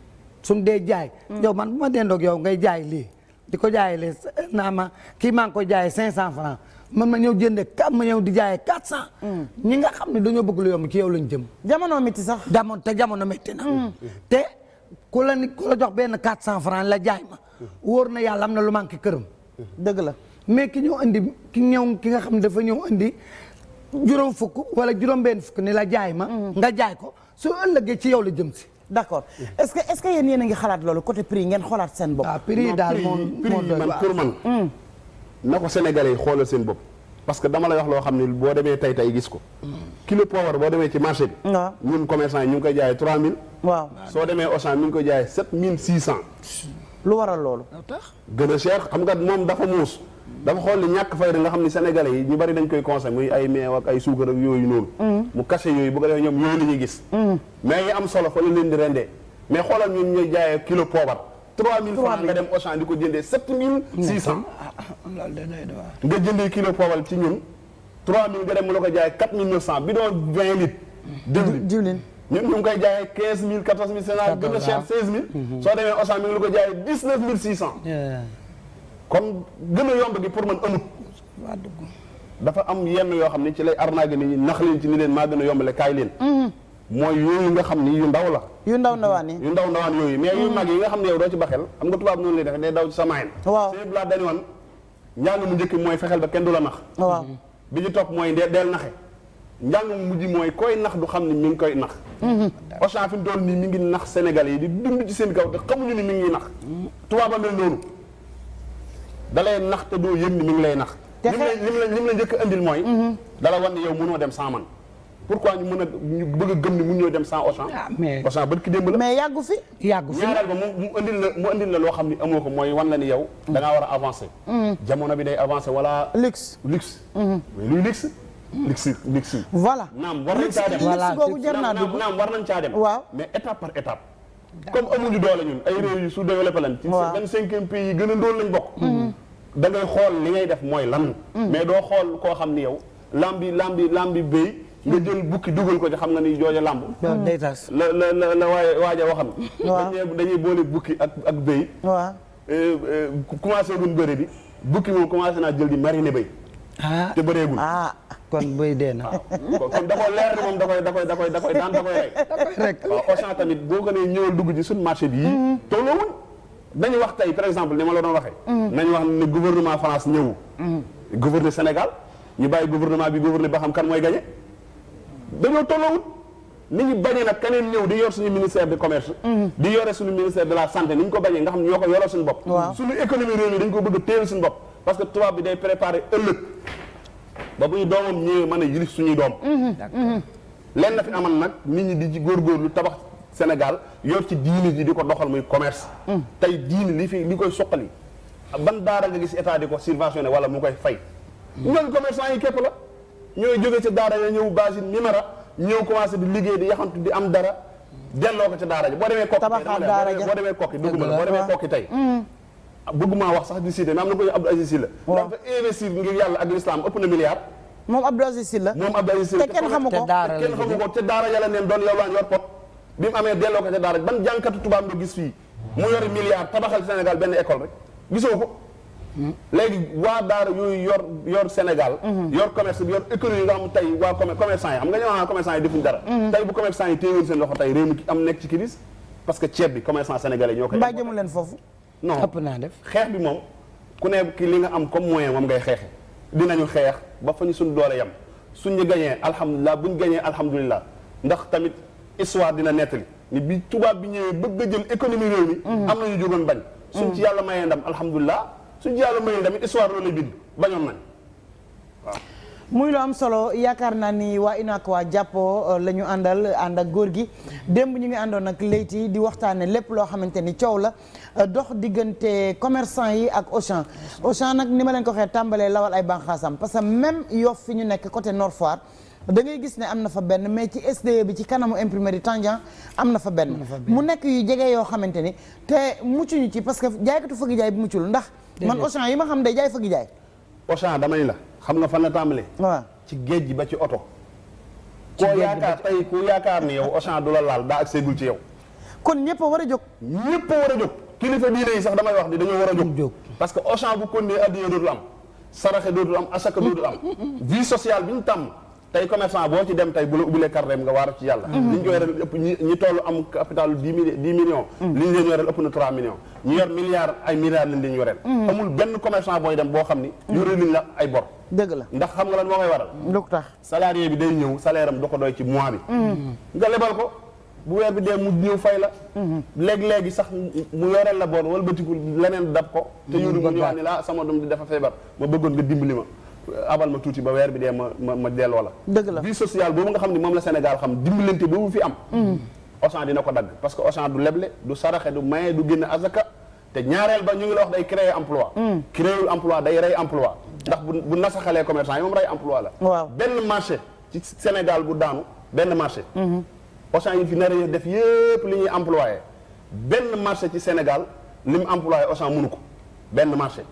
suñ dee jaay yow man bu ma dendoog yow ngay jaay lii di ko jaaye le naa ma kii maa ngi ko jaayee cinq cent franc man ma ñëw jënde kam ma ñëw di jaaye quatre cent ñi nga xam ne dañoo bëgg lu yomb ci yow lañ jëm jamono métti sax jamono te jamono ku la nit ku jox benn 400 francs la jaay ma wóor na yàlla am na lu manqué këram. dëgg la mais ki ñëw indi ki ñëw ki nga xam ne dafa ñëw indi juróom fukk wala juróom benn fukk ni la jaay ma. Mm-hmm. nga jaay ko su ëllëgee ci yow la jëm si. d' accord est ce que est ce que seen bopp. ah prix yi daal moo moo man mm. na ko sénégalais xoolal seen bopp. parce que dama lay wax loo xam ne boo demee tay tay gis ko. Mm. kilo poivre boo demee ci marché bi. ñun commerçant yi ñu ngi koy jaayee waaw soo demee Auchan mi ngi ko jaay sept mille six cent. lu waral loolu. gën a cher xam nga moom dafa muus. dafa xool li ñàkk fayda nga xam ni sénégalais yi ñu bari dañ koy conseil muy ay meew ak ay suukar ak yooyu noonu. Mm. mu kase yooyu bu ko defee ñoom yooyu la ñuy gis. Mm. mais yi am solo fa la leen di rendee mais xoolal ñun ñooy jaayee kilo poobar. 3000 francs nga dem Auchan di ko jëndee 7600. Mm. Ah, ah, nga jëndee kilo poobar ci ñun. 3000 nga dem mu la ko jaay 4900 bidon 20 litres. diwlin diwlin. ñun ñu koy jaayee quinze mille quatorze mille sénat mm-hmm. soo demee Auchan mi ngi la ko jaayee dix neuf mille six cent kon gën a yomb gi pour man amut dafa am yenn yoo xam ne ci lay arnaage nit ñi nax leen ci ni leen maa gën a yombale kaay leen mm-hmm. mooy yooyu nga xam ni yu ndaw la yu ndaw ndawaan yi yu ndaw ndawaan yooyu mais yu mm-hmm. mag yi nga xam ne yow doo ci baxel xam nga tubaab noonu lay def day daw ci samayen waaw sëñ Blas dañu woon njàng mu njëkk mooy fexel ba kenn du la nax waaw bi ci topp mooy deel naxe njàng mu mooy koy nax du xam ne mi ngi koy nax. Auchan mm-hmm. fi mu toll nii mi ngi nax Sénégal yi di dund ci seen kaw te a mel noonu da lay nax te doo yëg ni mi ngi lay nax. te la lim la njëkk andil mooy. Mm-hmm. dala wan ne yow mënoo dem sans man. pourquoi ñu mën ñu bëgg a gëm ñoo dem sans Auchan. ah mais Auchan bët ki démb la. mais yàggu fi yàggu fi. ñaareel ba mu andil la mu andil la loo xam ni amoo ko mooy wan la ni yaw mm. da war a avancer. Mm. jamono bi day avancer wala. luxe luxe. Mm-hmm. mais luy lixi lixi. voilà naam war nañ caa dem voilà naam war nañ caa dem. waaw mais étape par étape. comme amuñu doole ñun ay réew yu sous-développé lañ. waaw pays yi gën a ndóol lañ bokk. Mhm. da ngay xool li ngay def mooy lan. Mhm. mais doo xool koo xam ni yow lambi lambi lambi béy. nga mhm. jël bukki dugal ko ci xam nga ni jooja làmb la la la la waaye waaja waxam dañuy dañuy boole bukki ak ak béy waaw euh, euh, commencé gun bëre bi bukki moom commencé naa jël di mariner béy ah. te bëreegul ah. kon buy dee na. kon da leer moom da koy da koy da koy da koy daan da rek. da koy rek waaw Auchan tamit boo gënee dugg ci suñu marché bi. Mm-hmm. tolloowuñ dañu wax tey par exemple ni ma la doon waxee. Mm-hmm. nañu wax ne gouvernement France ñëw. Mm-hmm. gouverner Sénégal ñu bàyyi gouvernement bi gouverner ba xam kan mooy gagné. dañoo tolloowuñ ni bañee nag keneen ñëw di yor suñu ministère de commerce. di yore suñu ministère de la santé ni ñu ko bañee nga xam ñoo ko yore suñu bopp. suñu économie réew mi ko bëgg a téel suñu bopp parce que tubaab bi day préparer ëllëg. ba buy doomam ñëwee man a yilif suñuy doom mhm, mhm. lenn na fi amal nag nit ñi di ci góorgóorlu tabax Sénégal yor ci diini ji di ko doxal muy commerce mhm. tey diini li fi li koy suqali ban daara nga gis état di ko subventionné wala mu koy fay ñooñu commerçant yi képp la ñooy jóge ci daara ya ñëw base numéro ñëw commencé di liggéey di yaxantu di am dara delloo ko ci daara ji boo demee kokki boo demee kokki dugguma la boo demee kokki tey bëgguma wax sax di cité mais am na ko ñu Abdou Aziz Sylla dafa investir ngir yàlla ak l'islam ëpp na milliard moom Abdou Aziz bi mu amee delloo ko nga gis hmm. hmm. nga xam nga dara hmm. tey bu commerçant yi téewoon seen loxo tey réew am nekk ci crise parce que ceeb bi commerçant sénégalais ñoo koy bàyyi jëmu leen foofu non ëpp naa def xeex bi moom ku ne kii li nga am comme moyen moom ngay xeexe dinañu xeex ba fa ñu suñ doole yam suñu gañee bu ñu gañee alhamdulilah ndax tamit histoire dina nettali ni bi tubaab bi ñëwee bëgg a jël économie réew mi mhm. am na ñu jógoon bañ suñ mhm. ci yàlla mayee ndam alhamdulilah suñ ci yàlla mayee ndam it histoire loolu bind bañoon nañ waaw muy lu am solo yaakaar naa ni waa UNACOIS waa jàppoo euh, la ñu àndal ànd ak góor gi démb ñu ngi àndoon ak Leyti di waxtaane lépp loo xamante ni coow la euh, dox diggante commerçant yi ak Auchan Auchan nag ni ma leen ko waxee tàmbalee lawal ay banqaasam parce que même Yoff fi ñu nekk côté Nord Foire da ngay gis ne am na fa benn mais ci SDE bi ci kanamu imprimerie Tandian am na fa benn mu nekk yu jege yoo xamante ni te muccuñu ci parce que jaaykatu fëgg jaay bi muccul ndax man Auchan yi ma xam day jaay fëgg jaay Auchan dama ni la xam nga fan la tàmbalee. waaw ci géej gi ba ci oto. ci géej gi koo yaakaar tey ku yaakaar ni yow Auchan du la laal daa ak seegul ci yow. kon ñëpp a war a jóg. ñëpp a war a jóg kilifa diine yi sax damay wax ni dañoo war a jóg. parce que Auchan bu ko nee addiya dootul am saraxe dootul am asaka dootul am vie sociale bi ñu tàmm. tey commerçant boo ci dem tey bu la ubbilee carnet nga waaru ci yàlla mhm. li ñu ko yoreel ëpp ñi toll am capital dix mille dix mhm. leen yoreel ëpp na trois millions ñu yoreel mhm. benn commerçant booy dem boo xam ni yoreel liñ la ay bor dëgg la ndax xam nga lan moo koy waral lu tax salarié bi day ñëw salaire am du ko doy ci mois bi nga lebal ko bu weer bi dee mu ñëw fay la léeg-léegi sax mu yoreel la bor wala bëtiku leneen dab ko te yóru nga ñëwaat ni laa ah, sama doom di dafa feebar ma bëggoon nga dimbali ma abal ma tuuti ba weer bi dee ma ma delloo la. dëgg la vie sociale boobu nga xam ne moom la Sénégal xam dimbalante boobu fi am. Auchan mm. dina ko dagg parce que Auchan du leble du saraxe du maye du génne azaka te ñaareel ba ñu ngi la wax day créer emploi. Mm. créer emploi day rey emploi. ndax bu bu nasaxalee commerçant yi moom rey emploi la. waaw benn marché ci Sénégal bu daanu benn marché. Auchan mm-hmm. yi fi nar a def yépp li ñuy employé benn marché ci Sénégal li mu employé Auchan mënu ko benn marché.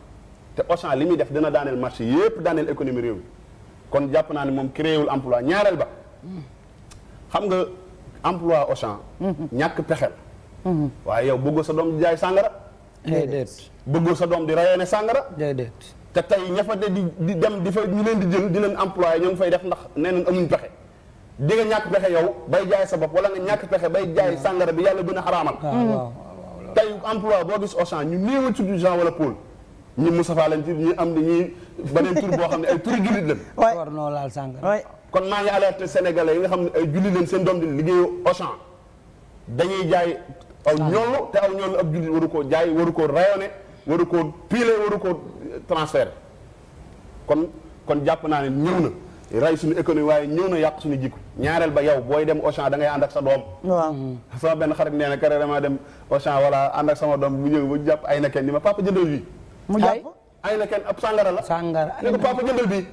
te Auchan li muy def dina daaneel marché yépp daaneel économie réew mi kon jàpp naa ne moom créé wul emploi ñaareel ba xam nga emploi Auchan ñàkk pexe waaye yow bëggoo sa doom di jaay sàngara déedéet bëggoo sa doom di rayoone sàngara déedéet te tey ña fa de di dem di fa ñu leen di jël di leen employé ñoo ngi fay def ndax nee amuñ pexe di nga ñàkk pexe yow bay jaay sa bopp wala nga ñàkk pexe bay jaay mm. sàngara bi yàlla gën a xaraamal ah, tey emploi boo gis Auchan ñu néewa tudd wala Paul ñi Moustapha lañ ci ñi am ne ñi beneen tur boo xam ne ay turi jullit lañ. waay war noo laal sàngara. kon maa ngi alerté yi nga xam ne ay jullit lañ seen doom di liggéeyu Auchan dañuy jaay aw ñoolu te aw ñoolu ab jullit koo jaay waru koo rayonné waru koo pilé waru koo transféré kon jàpp naa ne ñëw na. ray suñu économie waaye ñëw na yàq suñu jikko ñaareel ba yow booy dem Auchan da ngay ànd ak sa doom waaw sama benn xarit nee na carrément dem Auchan wala ànd ak sama doom bu ñëw ba jàpp ay nekkee ni ma papa jëndal wi mu jàpp ay na kenn ab la. sàngara ne ko papa jëndal bii.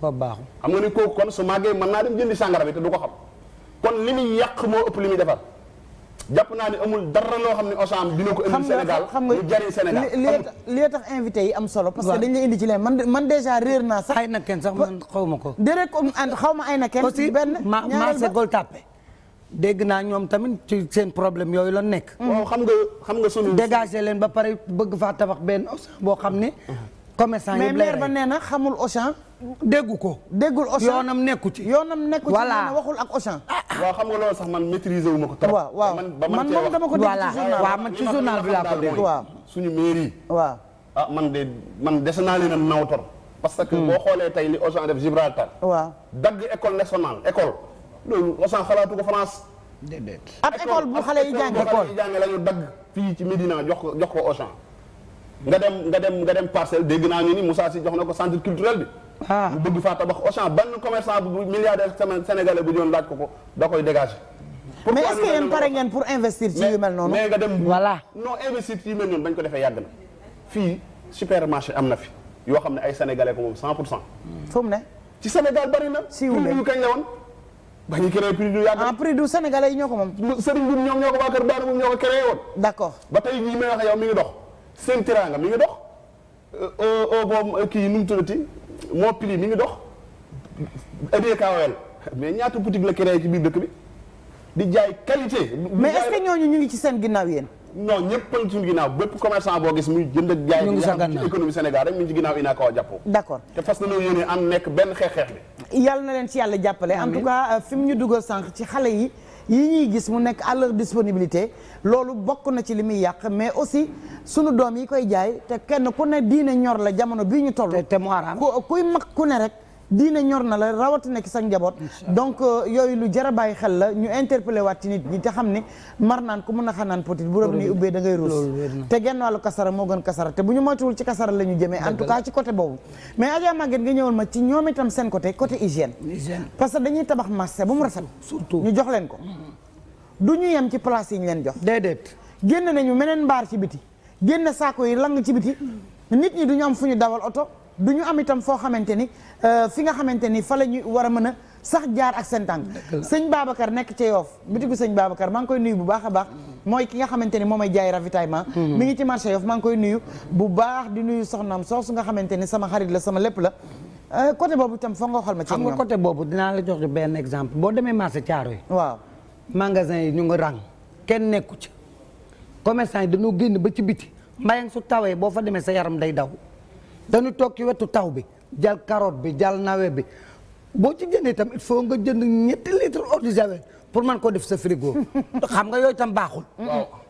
ba baaxul xam nga ni kooku kon su màggee mën naa dem jëndi sàngara bi te du ko kon li muy yàq moo ëpp li muy defar. jàpp naa ne amul dara loo xam ne Auchan dina ko indi Sénégal xam nga jariñ Sénégal li tax invité yi am solo parce que dañ la indi ci leen man man déjà réer naa sax ay na kenn sax man xaw ma ko déedéet xaw ma ay na kenn benn ñaareel ba marché Gueule dégg naa ñoom tamit ci seen problème yooyu la nekk. waaw xam nga xam nga sunu. dégager leen ba pare bëgg faa tabax benn Auchan boo xam ne. commerçant yëpp mais maire ba nee na xamul Auchan. déggu ko déggul Auchan yoonam nekku ci. yoonam nekku ci nee waxul ak Auchan. Ah, ah. waaw xam nga loolu sax man maîtriser wu ko. trop waaw man ba man moom dama ko dégg ci journal waaw man ci bi laa ko suñu mairie. waaw ah man de man dese naa leen a parce que hmm. boo xoolee tey li Auchan def Gibraltar. waaw dagg école nationale école. loolu Auchan xalaatu ko France. déedéet ab école bu xale yi jàng école yi jàng la ñu dagg fii ci Médina jox ko jox nga dem nga dem nga dem parcelle dégg naa ñu ni Moussa Sy jox na ko centre culturel bi. Ah. mu bëgg faa tabax Auchan ban commerçant bu milliardaire sénégalais bu doon laaj ko ko da koy dégager. mais est-ce que yéen pare ngeen pour investir ci yu mel noonu. mais nga dem voilà non investir ci yu mel noonu bañ ko defee yàgg na. fii supermarché am na fi yoo xam ne ay sénégalais ko moom 100 pour cent. fu mu ne. ci Sénégal bari na. siiwul kañ la woon. ba ñu créé prix du yàgg. ah prix du sénégalais yi ñoo ko moom. Serigne Mboup ñoom ñoo ko waa Kër Daara moom ñoo ko créé woon. d'accord ba tey jii may wax mi ngi dox seen teraanga mi ngi dox euh, euh, au boobu euh, kii nu mu moo prix mi ngi dox EDKOL mais ñaata boutique la créé ci biir dëkk bi di jaay qualité. mais est-ce que ñooñu ñu ngi ci seen ginnaaw yéen. non ñëpp pël suñu ginnaaw bépp commerçant boo gis muy jënd ak jaay bi xam ci économie Sénégal rek mu ngi ci ginnaaw ina kaw jàppoo d'accord te fas na noo am nekk benn xeex-xeex bi yàlla na leen ci yàlla jàppale en tout cas euh, fi mu ñu dugal sànq ci xale yi yi ñuy gis mu nekk à leur disponibilité loolu bokk na ci li muy yàq mais aussi sunu doom yi koy jaay te kenn ku ne diine ñor la jamono bii ñu toll te mu araam kuy mag ku ne rek diine ñor na la rawatina ci sa njaboot donc euh, yooyu lu jar a bàyyi xel la ñu interpellé waat ci nit ñi te xam ni mar naan ku mun a xanaan petit bu rob ni ubbee da ngay ruus te genn wàllu kasara moo gën kasara te bu ñu moytuwul ci kasara la ñu jëmee en tout cas ci côté boobu mais Adja Maguette nga ñëwal ma ci ñoom itam seen côté côté hygiène parce que dañuy tabax marché ba mu rafet ñu jox leen ko mm-hmm. du ñu yem ci place yi ñu leen jox déedéet génn nañu meneen mbaar ci biti génn saako yi lang ci biti mm-hmm. nit ñi du am fu ñu dawal oto du ñu am itam foo xamante ni euh, fi nga xamante ni fa la ñu war a mën a sax jaar ak seen tànk sëñ Babacar nekk ca Yoff bitigu sëñ Babacar maa ngi koy nuyu bu baax a baax mooy ki nga xamante ni moomay jaay ravitaillement mhm. mi ngi ci marché Yoff maa ngi koy nuyu bu baax di nuyu soxnaam su nga xamante ni sama xarit la sama lépp la euh, côté boobu itam foog nga xool ma ci xam nga côté boobu dinaa la jox benn exemple boo demee marché Thiaroye waaw magasin yi ñu ngi rang kenn nekku ci commerçant yi dañoo génn ba ci biti mbayang su tawee boo fa demee sa yaram day daw danu toog ci wetu taw bi jal carotte bi jal navet bi boo ci jëndee itam il faut nga jënd ñetti litre eau pour man koo def sa frigo xam nga yooyu itam baaxul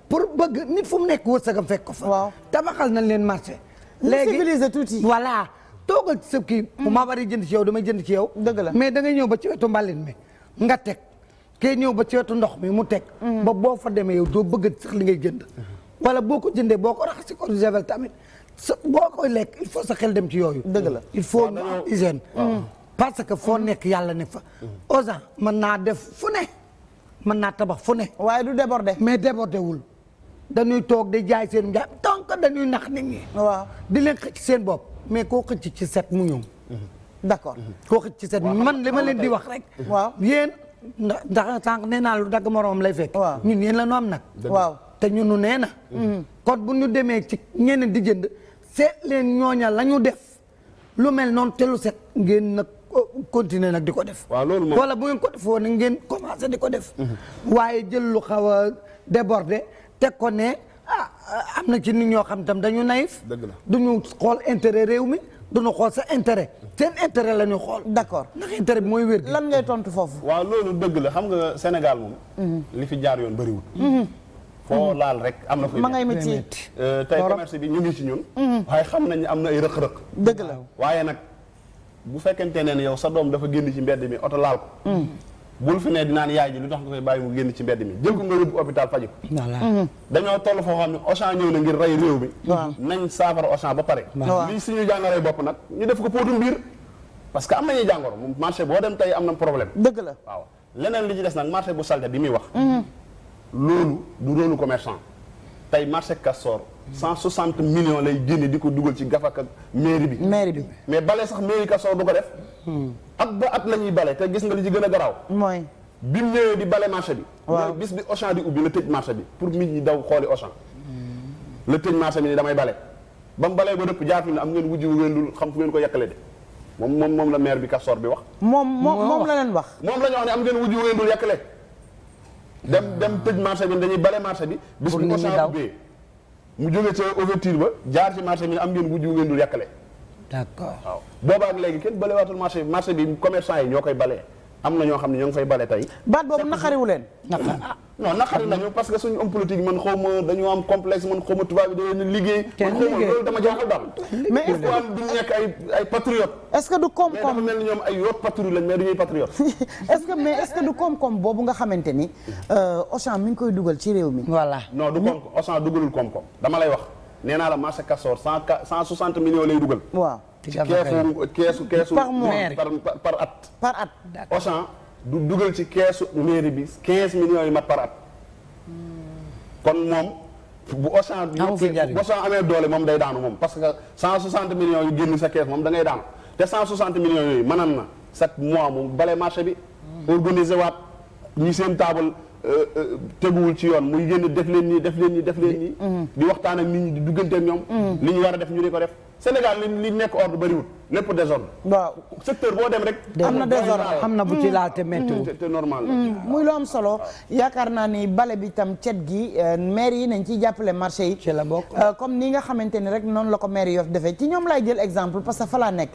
pour bëgg nit fu mu nekk wërsëgam fekk ko fa tabaxal nañ leen marché léegi civiliser tuuti voilà toogal ci sa kii bu ma waree jënd yow damay jënd ci yow dëgg la mais da ngay ñëw ba ci wetu mi nga teg kee ñëw ba ci ndox mi mu teg ba boo fa demee yow doo bëgg sax li ngay jënd wala boo ko jëndee boo ko raxasi ko eau de tamit sa boo koy lekk il faut sa xel dem ci yooyu. dëgg la il faut ñu am hygiène. Mm. parce que foo nekk yàlla nekk fa. Mm. Ozan mën naa def fu ne mën naa tabax fu ne. waaye du déborder. mais déborder wul dañuy toog di jaay seen njaay dañuy nax nit waaw di leen xëcc seen bopp mais koo xëcc ci set mu ñëw. Mm-hmm. d'accord mm-hmm. koo xëcc ci set man li leen di wax rek. Mm-hmm. waaw yéen ndax sànq nee naa lu dagg moroom lay fekk. ñun yéen la ñu am nag. waaw te ñun nu nee kon bu ñu demee ci ñeneen di jënd. seet leen ñooña la ñu def lu mel noonu te lu set ngeen nag oh, continuer nag di ko def. waaw loolu moom wala bu ngeen ko defoo nag ngeen commencé di ko def. Mm-hmm. waaye jël lu xaw a déborder teg ko ne ah, ah am na ci nit ñoo xam tam dañu naïf. dëgg la duñu xool intérêt réew mi. duñu xool sa intérêt seen intérêt la ñuy xool. d'accord ndax intérêt bi mooy wér. lan ngay tontu foofu. waaw loolu dëgg la xam nga Sénégal moom. Mm-hmm. li fi jaar yoon bëriwul. Mm-hmm. foo laal rek am na fa ma ngay ma ci eh, tey commerce bi ñu ngi ci ñun mm-hmm. waaye xam nañ am na ay rëq-rëq dëgg la waaye nag bu fekkente ne yow sa doom dafa génn ci mbedd mi oto laal ko mm-hmm. fi ne dinaan yaay ji lu tax nga koy bàyyi mu génn ci mbedd mi jël nga yóbbu hôpital faji ko mm-hmm. toll foo xam ne Auchan ñëw na ngir rey réew mi nañ saafara Auchan ba pare lii suñu jàngoro bopp nag ñu def ko póotu mbiir parce que am nañuy jàngoro marché boo dem tey am na problème dëgg la waaw leneen li ci des nag marché bu salte bi muy wax loolu du rôlu commerçant tey marché Castor. 160 million lay génne di ko dugal ci gafaka mairie bi. mairie bi mais bale sax mairie Castor du ko def. Hmm. at ba at la ñuy bale te gis nga li ci gën a garaaw. mooy bi mu ñëwee di bale marché bi. waaw bis bi Auchan di ubbi la tëj marché bi pour nit ñi daw xooli Auchan. la tëj marché bi ni damay bale. ba mu balee ba dëpp jaar fi ne am ngeen wujj wu ngeen dul xam fu ngeen ko yàqale de moom moom moom la maire bi Castor bi wax. moom moom moom la leen wax. moom la ñu wax ne am ngeen wujj wu ngeen dem dem tëj marché bi dañuy bale marché bi. bis bu Auchan ubbee mu jóge ca ouverture ba jaar ci marché mi am ngeen wujj wu ngeen dul yàqale. d'accord waaw boobaa ak léegi kenn balewaatul marché bi marché bi commerçant yi ñoo koy balee. am na ñoo xam ne ñoo ngi fay bale tey. baat boobu naqariwu leen. Ah, ah. non naqari nañu parce que suñu homme politique man xaw ma dañoo am complexe man xaw tubaab yi da leen est que du nekk ay ay est ce que du koom-koom ay yot patriote lañ mais du que mais koom-koom boobu nga xamante ni euh, Auchan mi ngi koy dugal ci réew mi. voilà non du koom Auchan dugalul koom-koom. dama lay wax nee naa la marché Castor cent soixante millions lay dugal. waaw. ci keesu keesu keesu. par mois du dugal ci keesu mairie bi 15 millions yu mat par at. Hmm. kon moom. bu Auchan bu Auchan amee doole moom day daanu moom parce que 160 millions yu génn sa kees moom da ngay daanu te 160 millions yooyu mënan na chaque mois mu bale marché bi. Hmm. organiser waat ñi seen table euh, euh, teguwul ci yoon muy génn def leen nii def leen nii def leen nii. Hmm. di waxtaan ak nit ñi duggante ñoom. li ñu war a def ñu ne ko def. Sénégal li li nekk ordre bëriwul lépp désordre. waaw secteur boo dem rek. am na désordre am na bu ci laal te méttiwul te muy lu am solo yaakaar naa ni bale bi tam cet gi euh, maire yi nañ ciy jàppale marché yi. ci la bokk euh, comme ni nga xamante ni rek noonu la ko maire Yoff defee ci ñoom laay jël exemple parce que fa laa nekk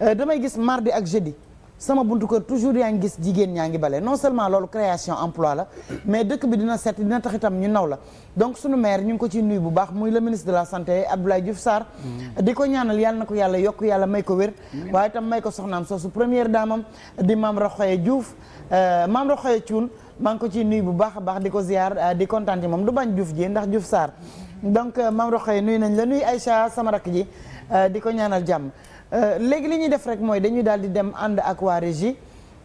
euh, damay gis mardi ak jeudi. sama buntu kër toujours yaa ngi gis jigéen ñaa ngi bale non seulement loolu création emploi la mais dëkk bi dina set dina tax itam ñu naw la donc sunu maire ñu ngi ko ci nuyu bu baax muy le ministre de la santé Abdoulaye Diouf saar mm. di ko ñaanal yàlla na ko yàlla yokk yàlla may ko wér waaye itam may ko soxnaam soosu première daamam di Mame Rokhaya Diouf euh, Mame Rokhaya Thioune maa ngi ko ciy nuyu bu baax a baax di ko ziar euh, di kontaan moom du bañ Diouf ji ndax Diouf Sarr mm-hmm. donc euh, Mame Rokhaya nuyu nañ la nuyu Aïcha sama rakk ji di ko ñaanal jàmm Euh, léegi li ñuy def rek mooy dañuy daal di dem ànd ak waa régie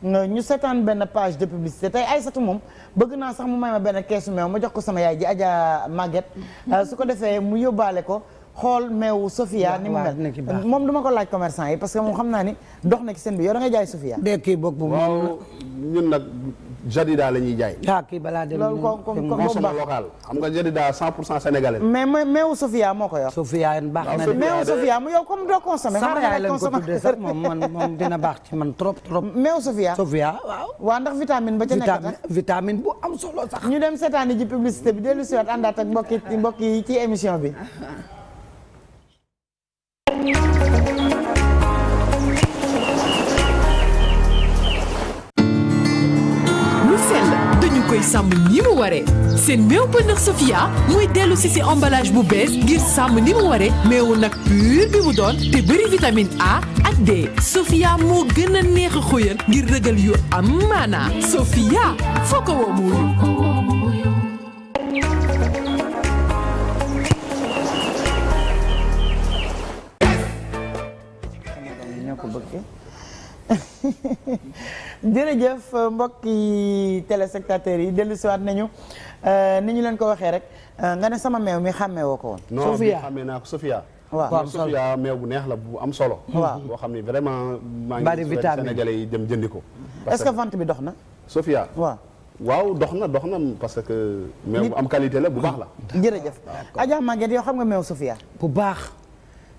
euh, ñu seetaan benn page de publicité tey Aïssatou moom bëgg naa sax mu may ma benn keesu meew ma jox ko sama yaay ji Adja Maguette euh, su ko defee mu yóbbaale ko xool meewu Sofia ni mu mel moom du ko laaj commerçant yi parce que moom xam naa ni dox na ci seen bi yow da ngay jaay Sofia. dee kii boog moom ñun nag Jadida la ñuy jaay. ah kii balaa dem loolu comme comme comme xam nga Jadida 100 pour cent sénégalais. mais moo ko yor. Sofia baax na de meewu Sofia yow comme doo consommé. sama yaay lañ ko tuddee sax moom man dina baax ci man trop trop. meewu Sofia Sofia waaw. waa ndax vitamine ba ca nekk tax vitamine am solo sax. ñu dem seetaani ji publicité bi dellu si waat àndaat ak mbokki mbokki ci émission bi. koy sàmm ni mu waree seen méew pëndax Sofia muy dellu si si emballage bu bees ngir sàmm ni mu waree méewu nag pur bi mu doon te A D Sofia moo gën a neex a xóoyan yu am maanaa Sofia foo ko woomul jërëjëf mbokki téléspectateurs yi dellu siwaat nañu euh, ni ñu leen ko waxee rek euh, nga ne sama meew mi xàmmee woo ko woon. Sofia non naa ko Sofia. waaw Sofia meew bu neex la bu am solo. waaw boo xam ne vraiment. bari vitamine maa ngi Sénégalais yi dem jëndi ko. est-ce que vente bi dox na. Sofia waaw. waaw dox na dox na parce que. meew bu am qualité la bu baax la. jërëjëf Adja Maguette yoo xam nga meew Sofia. bu baax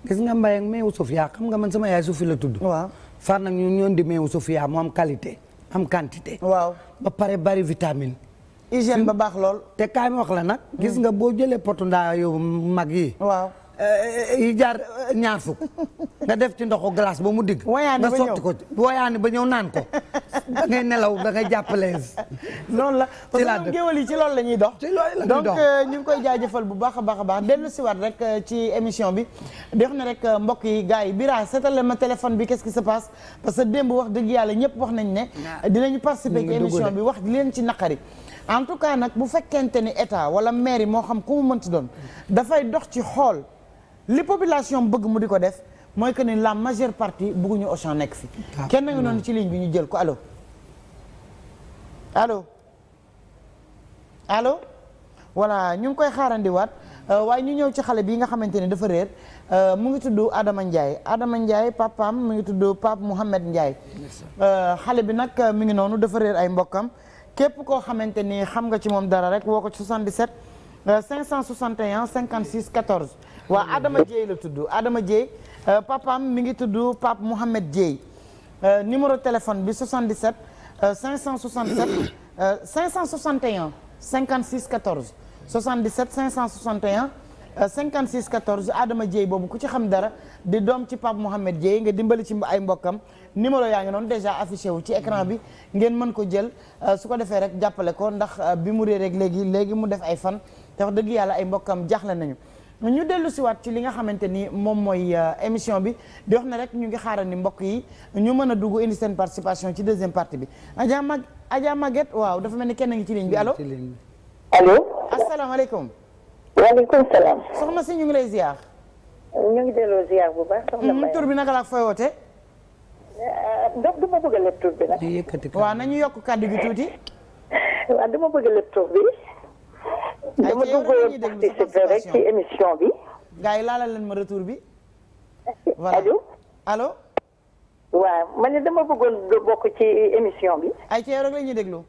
gis nga Mbaye ak meew Sofia xam nga man sama yaay Sofia la tudd. waaw. far nag ñun ñoo di meewu Sofia mu am qualité am quantité. waaw ba pare bari vitamine. hygiène ba baax lool. te kaay ma wax la nag. gis nga boo jëlee potu ndaa yow mag yi. Eh, yi jaar eh, ñaar fukk nga def ci ndoxu glace ba mu digg nga sotti ko woyaani ba ñëw naan ko da ngay nelaw da ngay jàppalees loolu la parce que géwal yi ci loolu la ñuy dox donc euh, ñu ngi koy jaajëfal bu baax a a baax dellu si waat euh, ci émission bi dex na rek euh, mbokk yi gars yi bira seetal ma téléphone bi qu'est-ce qui se parce que démb wax dëgg yàlla ñëpp wax nañ ne dinañu participer ci émission bi wax leen ci naqari en tout cas nag bu fekkente ni état wala mairie moo xam ku mu mënti doon dafay dox ci xool li population bëgg mu di ko def mooy que ni la majeure partie bëgguñu Auchan nekk fi. kenn nga noonu ci ligne bi ñu jël ko allo allo allo voilà ñu ngi koy xaarandiwaat euh, waaye ñu ñëw ci xale bi nga xamante ni dafa réer euh, mu ngi tudd Adama Ndiaye Adama Ndiaye papaam mu ngi tudd Pape Mouhamed Ndiaye. Euh, xale bi nag mu ngi noonu dafa réer ay mbokkam képp koo xamante ni xam nga ci moom dara rek woo ko ci 77 561 56 14. waaw Adama Dieye la tudd Adama Dieye euh, papaam mi ngi tudd Pape Mohamed Dieye euh, numéro téléphone bi 77 567 561 56 14 77 561 56 14 Adama Dieye boobu ku ci xam dara di doom ci Pape Mohamed Dieye nga dimbali ci ay mbokkam numéro yaa ngi noonu déjà affiché wu ci écran bi ngeen mën ko jël euh, su ko defee rek jàppale ko ndax bi mu réer rek léegi léegi mu def ay fan te wax dëgg yàlla ay mbokkam jaaxle nañu. ñu dellu si waat ci li nga xamante ni moom mooy euh, émission bi di na rek ñu ngi xaaral ni mbokk yi ñu mën a dugg indi seen participation ci deuxième partie bi Adja Mag ajaa Maguette waaw dafa mel ni kenn ngi ci ligne bi allo. allo. asalaamaaleykum. waaleykum salaam. soxna si ñu ngi lay ziar. ñu ngi delloo ziar bu baax. soxna mm-hmm, Mbaye tur bi naka laa fooy wootee. ndox euh, du ma bëgg a leb tur bi nag. waaw yokk kàddu gi tuuti. waaw du ma bëgg a leb bi. dama bëgg participer rek ci émission bi. gars yi laalal leen ma retour bi. voilà allo allo. waaw man ne dama bëggoon bokk ci émission bi. ay ci yow rek la déglu.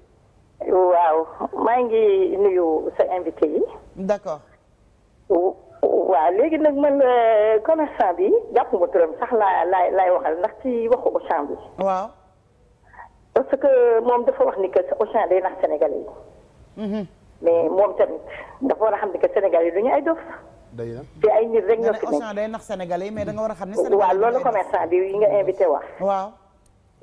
waaw maa ngi nuyu sa invité yi. d'accord. waaw léegi nag man euh, commerçant bi jàpp nga turam sax laa laay laay waxal ndax ci waxu Auchan bi. waaw. parce que moom dafa wax ni que Auchan day nax Sénégalais yi. Mm-hmm. mais moom tamit dafa war a xam ne que Sénégal yi du ñu ay dof. day ay nit rek ñoo fi nekk day nax Sénégalais yi mais da war a xam ne. Sénégal waaw loolu commerçant bi yi nga invité wax. waaw.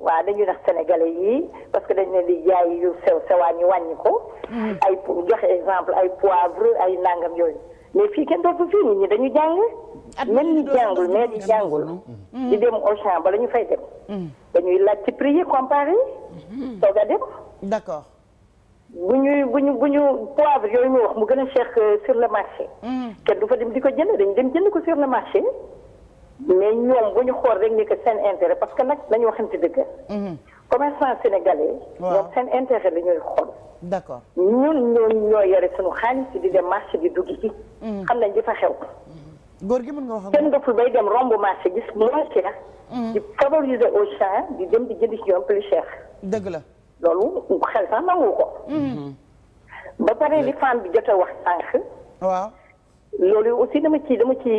waaw dañuy nax Sénégalais yi parce que dañ leen di jaay yu sew sewaan ñu wàññi ko. Mm-hmm. ay joxe exemple ay poivre ay nangam yooyu. mais fii kenn dootu fii nit ñi dañu jàng. même ñi jàngul mais di jàngul. di dem Auchan ba la ñu fay dem. Mm-hmm. dañuy laaj ci prix yi comparé. Mm-hmm. soog a dem. d'accord. bu ñuy bu ñu bu ñu poivre yooyu muy wax mu gën a cher sur le marché. Mm. kenn du fa dem di ko jënd dañ dem jënd ko sur le marché. mais ñoom bu ñu xool rek ni que seen intérêt parce que nag dañu waxante dëgg. Mm-hmm. commerçant sénégalais. waaw ñoom seen intérêt la ñuy xool. d'accord ñu ñooñu ñoo yore suñu xaalis di dem marché di dugg ci. Mm. xam nañ di fa xew. Mm-hmm. góor gi mën nga wax kenn doful bay dem romb marché gis moins cher. Mm-hmm. di favoriser au champ di dem di jënd ci ñoom plus cher. dëgg la. loolu xel sax nangu ko. Mm-hmm. ba pare li san bi jot a wax sànq. waaw loolu aussi dama ci dama ci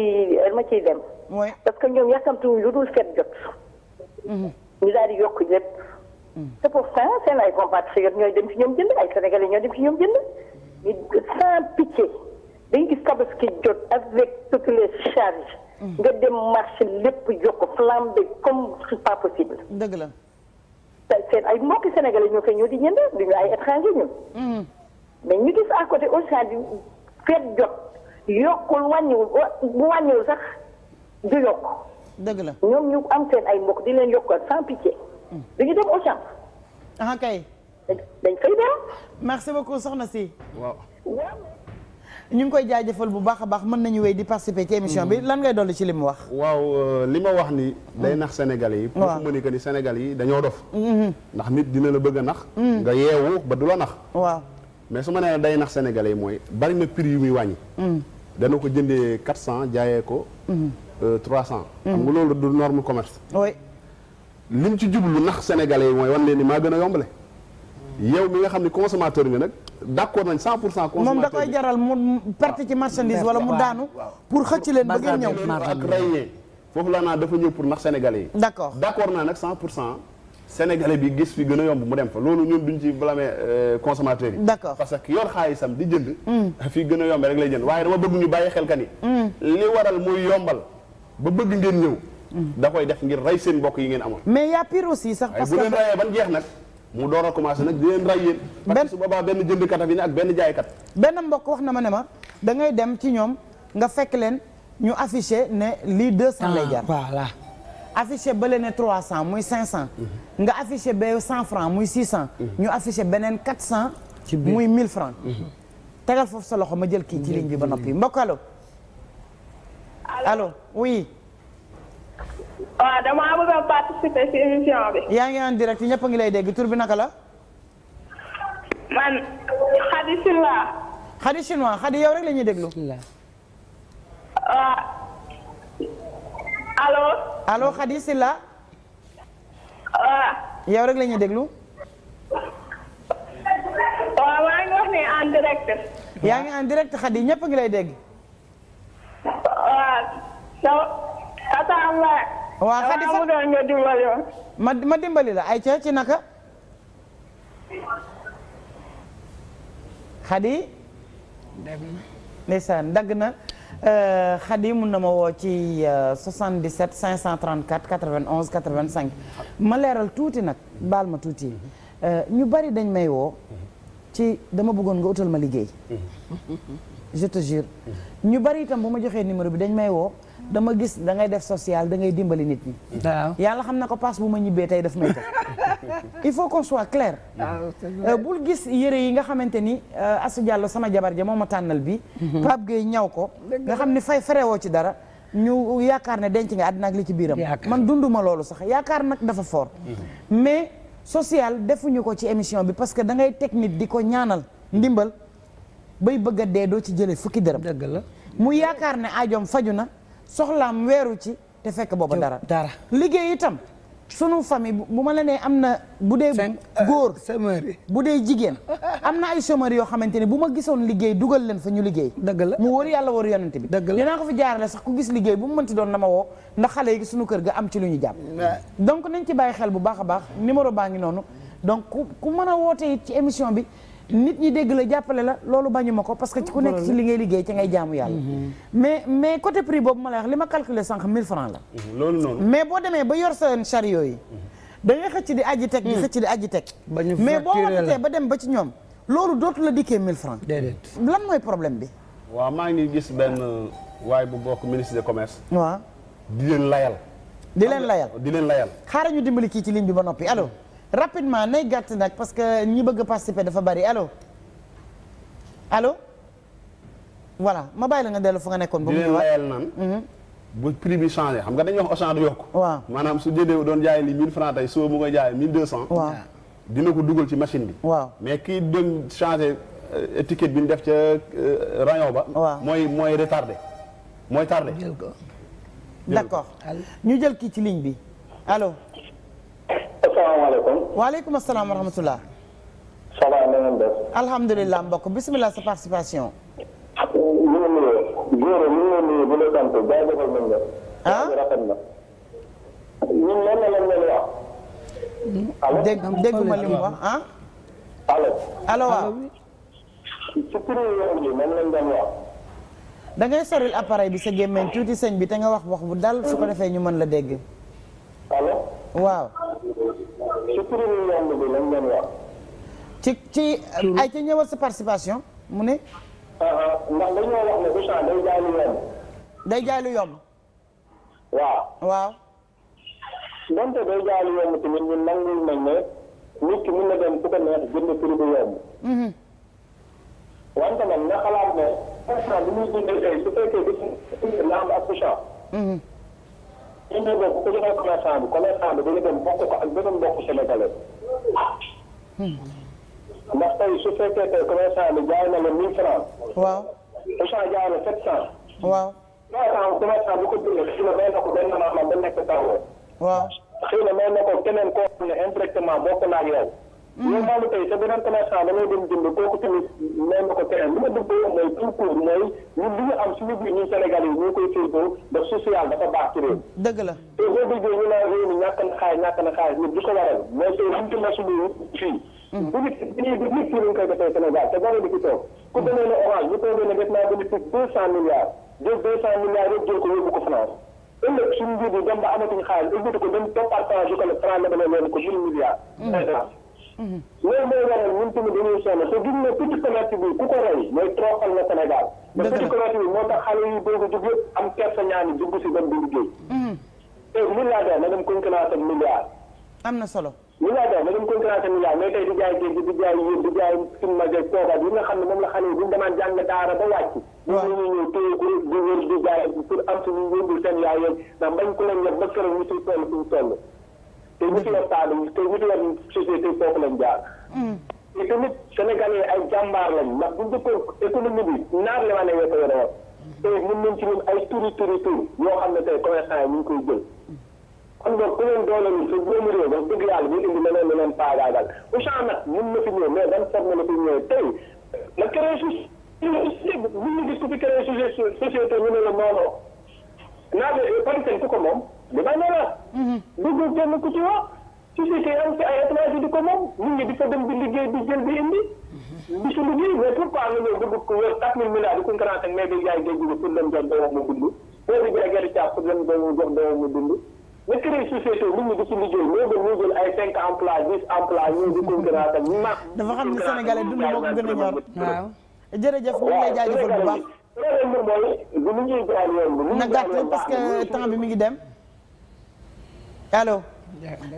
dama ciy dem. parce que ñoom yàkkamtuwuñ lu dul fet jot. Mm-hmm. ñu daal di yokk lépp. Mm-hmm. c'est pour ça seen ay compatriotes ñooy dem ci ñoom jënd ay sénégalais ñooy dem ci ñoom jënd. ñu sans pitié ki gis tabaski jot avec toutes les charges. nga dem marché lépp yokk flambé comme c'est pas possible. dëgg la. seen ay mbokki sénégalais ñoo fay ñëw di ñënd duñu ay étranger ñun. Hmm. mais ñu gis à côté Auchan bi feet jot yokkul wàññiwul bu wàññiwul sax du yokk. dëgg la ñoom ñu am seen ay mbokk di leen yokkal sans pitié. Hmm. duñu dem Auchan. ah kay. dañ fay dem. merci beaucoup soxna si waaw. ñu ngi koy jaajëfal bu baax a baax mën nañu wéy di participer ci émission bi mm-hmm. lan ngay dolli ci li mu wax waaw euh, li ma wax ni day nax Sénégalais yi mm-hmm. pour ma ni que ni Sénégalais yi dañoo dof mm-hmm. ndax nit dina la bëgg a nax nga yeewu ba du la nax waaw mais su ma nee day nax Sénégalais yi mooy bari na prix yu muy wàññi dana ko jëndee quatre cent jaayee ko euh, trois cent xam nga loolu du norme commerce oui lim ci jublu nax Sénégalais yi mooy wan leen ni maa gën a yombale yow mi nga xam ne consommateur nga nag d' accord nañ 100 pour cent. consommateur moom da koy jaral mu perte ci marchandise wala mu daanu. pour xëcc leen ba ngeen ñëw ak rey foofu laa naa dafa ñëw pour nax sénégalais yi. d' accord d' accord naa nag 100 pour cent sénégalais bi gis fi gën a yomb mu dem fa loolu ñun duñ ci blâmer euh, consommateur yi. d' accord que yor xaalisam di jënd. Hmm. fii gën a yomb rek lay jënd waaye dama bëgg ñu bàyyi xel ka ni. Hmm. li waral muy yombal ba bëgg ngeen ñëw. Hmm. da koy def ngir rey seen bokk yi ngeen amoon. mais y' a pire sax parce que bu leen mu door a commencé nag di leen ray yéen boobaa benn jëndkat a fi ak benn jaaykat benn mbokk wax na ma ne ma da ngay dem ci ñoom nga fekk leen ñu affiché ne lii deux cent lay jar ah, voilà affiché bële ne trois cent muy cinq cent mhm. nga affiché ba cent franc muy six cent mhm. ñu affiché beneen quatre cent muy mille franc mhm. tegal foofu sa loxo ma jël kii ci ligne bi ba noppi mbokk allo allo oui waaw damaa bëgg a participer ci bi. yaa ngi en direct ñëpp ngi lay dégg tur bi naka la. man xadi chinois. xadi chinois xadi yow rek la ñuy déglu. waaw allo. allo xadi silla. waaw. yow rek la déglu. waaw maa ngi wax ne en direct. yaa ngi en direct xadi ñëpp ngi lay dégg. waaw. Ah, waaw xadi fa nga dimbali ma ma dimbali la ay ca ci naka xadi ndeysaan dagg na xadi euh, mun na ma woo ci 77 534 91 85 ma leeral tuuti nag baal ma tuuti euh, ñu bari dañ may woo ci dama buggoon nga utal ma liggéey mm-hmm. mm-hmm. ñu bari itam bu ma joxee numéro bi dañ may woo dama gis da ngay def social da ngay dimbali nit ñi. yàlla xam na ko paas bu ma ñibbee tey daf may tax il faut qu'on soit clair. Euh, bul gis yére yi nga xamante ni euh, Asou Diallo sama jabar ja moom ma tànnal bi mhm. Pape Gueye ñaw ko. nga xam ni fay ferewoo ci dara. ñu yaakaar ne denc nga àddina ak li ci biiram. man dunduma loolu sax yaakaar nag dafa fort. Mhm. mais social defuñu ko ci émission bi parce que da ngay teg nit di ko ñaanal ndimbal bay bëgg a dee doo ci jëlee fukki dërëm. dëgg mu yaakaar ne aajoom faju na. soxlaam weeru ci te fekk boobu dara dara liggéey itam sunu famille bu ma la nee am na bu dee euh, góor bu dee jigéen am na ay chômeur yoo xamante ne bu ma gisoon liggéey dugal leen fa ñu liggéey dëgg la mu wóor yàlla wóor yonante bi dëgg la dinaa ko fi jaarale sax ku gis liggéey bu mu mënti doon na ma woo ndax xale yi sunu kër ga am ci lu ñu jàpp donc nañ ci bàyyi xel bu baax a baax numéro baa ngi noonu donc ku mën a woote ci émission bi nit ñi dégg la jàppale la loolu bañuma ko parce que ci ku nekk ci li ngay liggéey ci ngay jaamu yàlla. Mm-hmm. mais mais coté prix boobu ma lay li ma calculer sànq 1000 francs la. Mm-hmm. loolu noonu mais boo demee ba yor seen chariot yi. Mm-hmm. da ngay xëcc di aji teg di mm. xëcc di aji teg. mais boo watatee ba dem ba ci ñoom loolu dootu la dikkee 1000 francs déedéet lan mooy problème bi. waaw maa ngi gis benn waaye bu bokk ministre de commerce. waaw di leen layal. di leen layal di leen layal. xaaral ñu dimbali kii ci ligne bi ba noppi allo. rapidement nay gàtt nag parce que ñi bëgg a dafa bari alo alo voilà ma bàyyi nga dellu fu nga nekkoon. ba mu ñëwaat naan. Mhm. bu prix bi changé xam nga dañuy wax o du yokk. waaw maanaam su jëndee doon jaay li 1000 francs tey suba mu koy jaayee 1200. waaw dina ko dugal ci machine bi. waaw mais kii doon changé euh, étiquette bi ñu def ca euh, rayon ba. mooy mooy retardé mooy tardé. d'accord ñu jël kii ci ligne bi alo asalaamaaleykum. waaleykum asalaam wa rahmatulah. ça va na def. alhamdulilah mbokk bisimilah sa participation. ñu ngi nuyu. ah dégg dégg ma li mu wax ah. allo. allo waaw. bi soril appareil bi sa gémmeñ tuuti sëñ bi te nga wax wax bu dal su ko defee ñu mën la dégg. waaw. ci kuréelu yàlla bi lañ leen wax. ci ci ay ca ñëwal sa participation mu ne. ndax dañoo wax ne Ousseyn day jaay lu yomb. day jaay lu yomb. waaw. waaw. donte day jaay lu yomb tamit ñun nangul nañ ne nit ki mën na dem bu a neex jënd prix bu yomb. wante nag nga xalaat ne. Ousseyn bi muy su fekkee bi nga am ak Ousseyn. indil boobu ku ko joxee commerçant bi commerçant bi dañu dem bokk ko ak beneen mbokku sénégalais. ndax tey su fekkee tey commerçant bi jaay na la 1000 francs. waaw. Auchan jaay na 700. waaw. waaw commerçant bu ko jëlee xëy na may na ko benn maanaam ba nekk taw. waaw xëy na may na ko keneen koo xam ne indirectement bokk na ak yow. loolu maa ngi tey sa beneen commerçant da ngay dem jënd kooku tamit may ma ko terrain li ma dëgg mooy tout court mooy ñun li ñu am suñu biir ñun Sénégal yi ñu koy féetoo ndax social dafa baax ci réew. dëgg la te boo déggee ñu naan réew mi ñàkk na xaalis ñàkk na xaalis ñun du ko waral mooy tey liñ ci mosu fii. bu nit ñi di nit fii lañ koy defee Sénégal te dara di ci toog ku demee ne orange bu toogee ne def naa bénéfice deux cent milliards jël deux cent milliards yëpp jël ko yóbbu ko France ëllëg suñu njiit yi dem ba amatuñ xaalis ëllëg ko dem toppartage yu ko le franc la leen ko mille milliards loolu mooy waral ñun tamit dañuy sonn te gis nga petit commerce bi ku ko rey mooy troxal na Sénégal. dëgg la petit commerce bi moo tax xale yu bëgg a jug yëpp am kersa ñaani jug si dem di liggéey. Mm-hmm. tey milliardaire na dem concurrence ak milliard. am na solo. milliardaire na dem concurrence ak milliard mais tey di jaay géej di jaay yéen di jaay suñu magasin koobaat yi nga xam ne moom la xale yi buñ demaan jàng daara ba wàcc. waaw ñu ngi ñëw téye ko di jaay pour am suñu bañ ko leen yëpp ba keroog ñu siy te ñu ci yor taalibe te ñu ci yor société foofu lañ jaar. Mm. te tamit sénégalais ay jàmbaar lañ ndax bu dëkkoon économie bi naar li ma ne ko yore woon. tey mën nañ ci ñun ay turi turi tur yoo xam ne tey commerçant yi ñu ngi koy jël. kon donc ku leen dooleel sa doomu réew wax dëgg yàlla bu indi leneen leneen paagaagal Auchan nag mën na fi ñëw mais ban forme la fi ñëwee tey la créé su bu ñu gis ku fi créé société ñu ne la noonu. naa ne producteur ku ko moom. Mhm. du ku ci wax société yi am ci ay étranger di ko moom nit ñi di fa dem di liggéey di jël di indi. di mhm. su liggéey mais pourquoi nga ñëw dugg ku wër 4000 milliards di ko mais day jaay géej gi pour dem jox doomam mu di jaay gerte caaf pour dem jox doomam dund. nga créé gën ñu jël ay 5 emplois 10 emplois di ko garanti ak ma. dafa xam ne sénégalais dund moo ko gën a ñor waaw. jërëjëf ñu bi loolu mooy jaay yoon bi. na parce que temps bi ngi dem allo.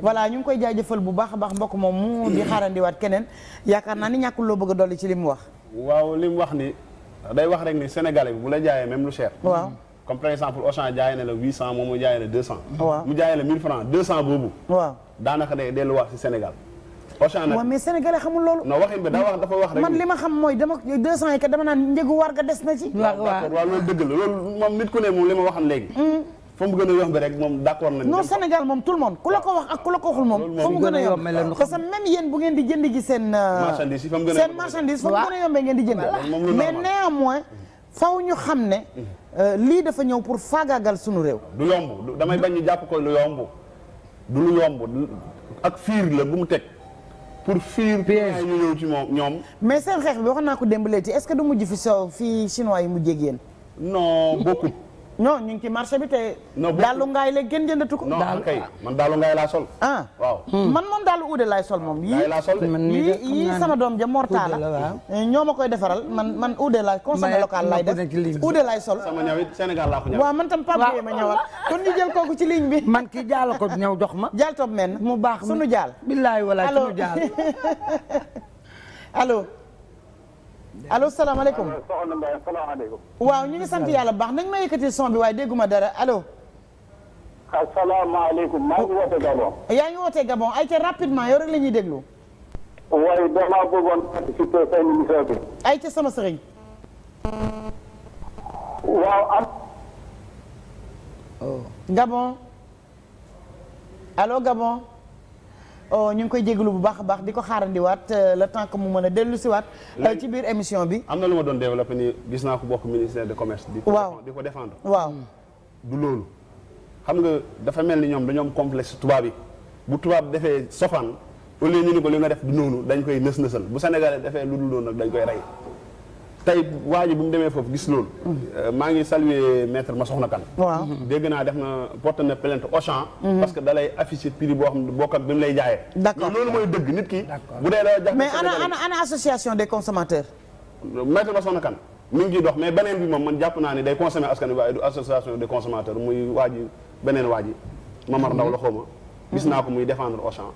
voilà ñu ngi koy jaajëfal bu baax a baax mbokk moom mu di xaarandiwaat keneen yaakaar naa ni ñàkkul loo bëgg a dolli ci li mu wax. waaw li mu wax ni day wax rek ni sénégalais bi bu la jaayee même lu cher. waaw comme par exemple Auchan jaayee na la 800 moom mu jaayee la 200. waaw mu jaayee la 1000 francs 200 boobu. waaw daanaka day delluwaat si Sénégal. Auchan nag waaw mais sénégalais xamul loolu. non waxin bi daa wax dafa wax rek. man li ma xam mooy dama 200 yi kat dama naan njëgu war ga des na ci. waaw loolu dëgg la loolu moom nit ku ne moom li ma waxoon léegi. Mm. fa mu gën a yomb rek moom d'accord nañ non Sénégal moom tout le monde ku la ko wax ak ku la ko waxul moom fa mu gën a yomb parce que même yéen bu ngeen di jënd ji seen euh, marchandise fa mu gën a seen ngeen di jënd mais néanmoins faw ñu xam ne mm. euh, lii dafa ñëw pour faagaagal suñu réew du yomb damay bañ ñu jàpp ko lu yomb du lu yomb ak fiir la bu mu teg pour fiir piège ñoom mais seen xeex bi wax naa ko démb léegi est-ce que du mujj fi soow fii chinois yi mujjee ak yéen non bokkut ñoo ñu ngi ci marché bi te. non daalu ngaay la gën jëndatu ko. daalu kay man daalu ngaay la sol. ah hmm. man moom daalu uude laay sol moom. yii yii yii sama doom ja mortaala. Eh, ñoo ma koy defaral man man uude laay consommé local laay def. uude laay sol. sama ñaw it Sénégal laa ko man tam Pape Gueye ma ñawal. kon ñu jël kooku ci ligne bi. man ki jaala ko ñaw jox ma. jaal toog men mu baax mi sunu jaal. billaay walaay sunu jaal allo. allo salaamaaleykum waaw ñu ngi sant yàlla baax nañ ma yëkkati son bi waaye dégguma dara allo. asalaamaaleykum maa ngi woote Gabon. yaa ngi woote Gabon ay ca rapidement yow rek la ñuy déglu. waaye damaa bëggoon participer seen émission bi. ay ca sama sëriñ. Oh. Gabon allo Gabon. Oh, ñu ngi koy jégalu bu baax a baax di ko xaarandiwaat euh, le temps que mu mën a dellu siwaat euh, ci biir émission bi am na lu ma doon développé ni gis naa ko bokk ministère de commerce di waaw di ko défendre waaw du loolu xam nga dafa mel ni ñoom dañoo am complexe tubaab yi bu tubaab defee sofaan au lieu ñu ni ko li nga def du noonu dañ koy nës-nësal bu Sénégalais defee lu dul noonu nag dañ koy rey tey waa ji bu mu demee foofu gis loolu euh, maa ngi saluer maître ma soxna kan waaw dégg naa def na porte na plainte Auchan mhm. parce que da lay afficher boo xam ne bokk bi mu lay jaayee d'accord loolu mooy dëgg nit ki bu dee da jàpp naa ne day consommer askan waaye du association des consommateurs muy waa beneen waa ji Mamar Ndaw la mhm. xaw gis naa ko muy défendre Auchan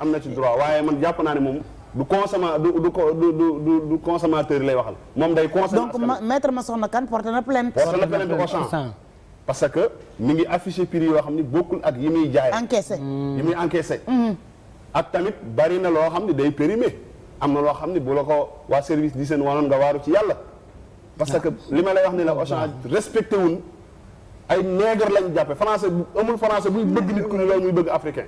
am na ci droit waaye man jàpp naa ne moom du consomma du du du du consommateur lay waxal moom day. consommateur donc ma maître Massokhna Kane na plainte. porté na plainte Auchan parce que mi ngi affiché prix yoo xam ni bokkul ak yi muy jaay. encaissé yi muy encaissé. Mm-hmm. ak tamit bari na loo xam ni day périmé am na loo xam ni bu la ko waa service di seen wanoon nga waaru ci yàlla. parce que ah. li ma lay wax ni la Auchan ah. respecté wun ay nègre lañ jàppe français amul français buy bëgg nit ku ne loolu muy bëgg africain.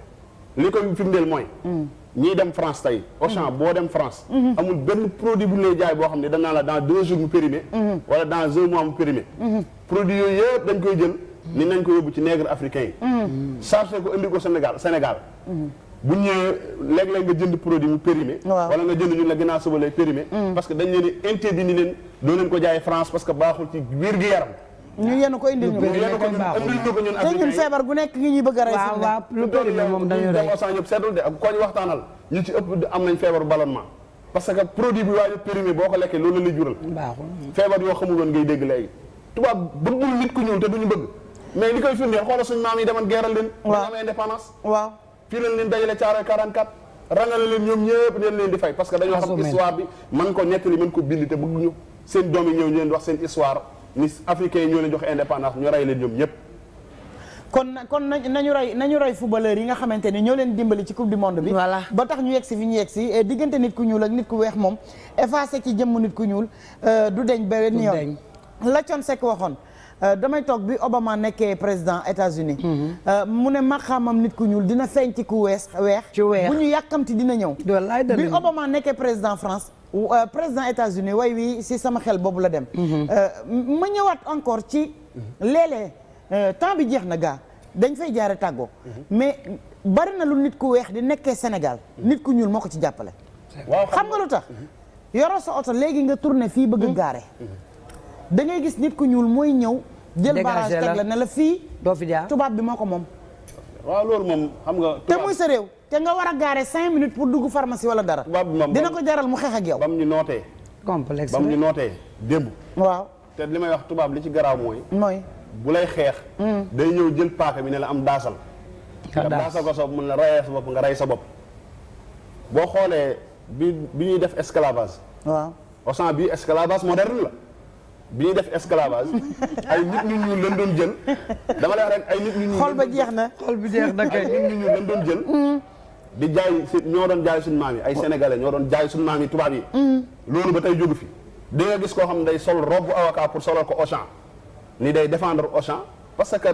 li ko firndeel mooy. Mm. ñiy dem France tey. Auchan mm. boo dem France. Mm-hmm. amul benn produit bu ñu lay jaay boo xam ne danaa la dans deux jours mu périmé. Mm-hmm. wala dans un mu périmé. Mm-hmm. produit yooyu yëpp dañ koy jël. ni nañ ko yóbbu ci nègre africain yi. chargé ko indi ko Sénégal Sénégal. bu ñëwee léeg-léeg nga jënd produit mu périmé. wala nga jënd ñun la ginnaaw suba lay périmé. Mm. parce que dañ leen interdit ni leen doo leen ko jaay France parce que baaxul ci wér-gu-yaram. ñu yenu ko indil ñu ko ñun te ñun feebar gu nekk gi ñuy bëgg a ñu ci am nañ feebaru ballonnement parce que produit bi waaye périmé boo ko lekkee loolu la jural feebar yoo xamul ngay dégg léegi tubaab bëggul nit ku ñuul te duñu bëgg mais li koy firndeel xoolal suñu maam yi demoon geeral leen ñu amee indépendance waaw fii lañ leen dajale caaroy 44 rangale leen ñoom ñëpp leen leen di fay parce que dañoo xam histoire bi man ko nettali man ko bind te bëgguñu seen doom ñëw ñu leen wax seen histoire ni africains yi ñoo leen jox indépendance ñu rey leen ñoom ñëpp. kon kon nañu roy nañu roy footballeur yi nga xamante ni ñoo leen dimbali ci coupe du monde bi. ba tax ñu yegg si fi ñu yegg si eh, diggante nit ku ñuul ak nit ku weex moom effacé ci jëmm nit ku ñuul euh, du deñ ba ni yoon la Thione Seck waxoon euh, damay toog bi Obama nekkee président États-Unis mm-hmm. euh, mu ne maqaamam nit ku ñuul dina feeñ ci ku wees weex. ci weex bu ñu yàkkamti dina ñëw. bi Obama nekkee président France. Euh, président États-Unis way wi si sama xel boobu la dem mhm. euh, ma ñëwaat encore ci mhm. léeg-léeg euh, temps bi jeex na gaa dañ fay jaare tàggoo mhm. mais bari na lu nit ku weex di nekkee Sénégal nit ku ñuul moo ko ci jàppale waaw xam nga lu tax yoro sa oto léegi nga tourné fii bëgg gaare da gis nit ku ñuul mooy ñëw jël barrage teg la na la fii doo fi jaar tubaab bi moo ko moom waaw xam nga te muy sa réew te nga war a gaare cinq minutes pour dugg pharmacie wala dara. dina ko jaral mu xeex ak yow. bam ñu nootee. complexe bam ñu nootee démb. waaw te li may wax tubaab li ci garaaw mooy. mooy bu lay xeex. Mm. day ñëw jël paaka bi ne la am daasal. Ah, nga daasal ko sa mun na rayee sa bopp nga rey sa bopp. boo xoolee bi bi ñuy def esclavage. waaw Auchan bii esclavage moderne la. bi ñuy def esclavage ay nit ñu ñuul lañ doon jël dama lay rek ay nit ñu ñuul. jeex na xol bi jeex na kay ay ñu ñuul doon jël. Mm. di jaay si ñoo doon jaay suñu maam yi ay sénégalais ñoo doon jaay suñu maam yi tubaab yi. Mm. loolu ba tey jógu fi di nga gis koo xam ne day sol robe avocat pour solal ko Auchan ni day défendre Auchan parce que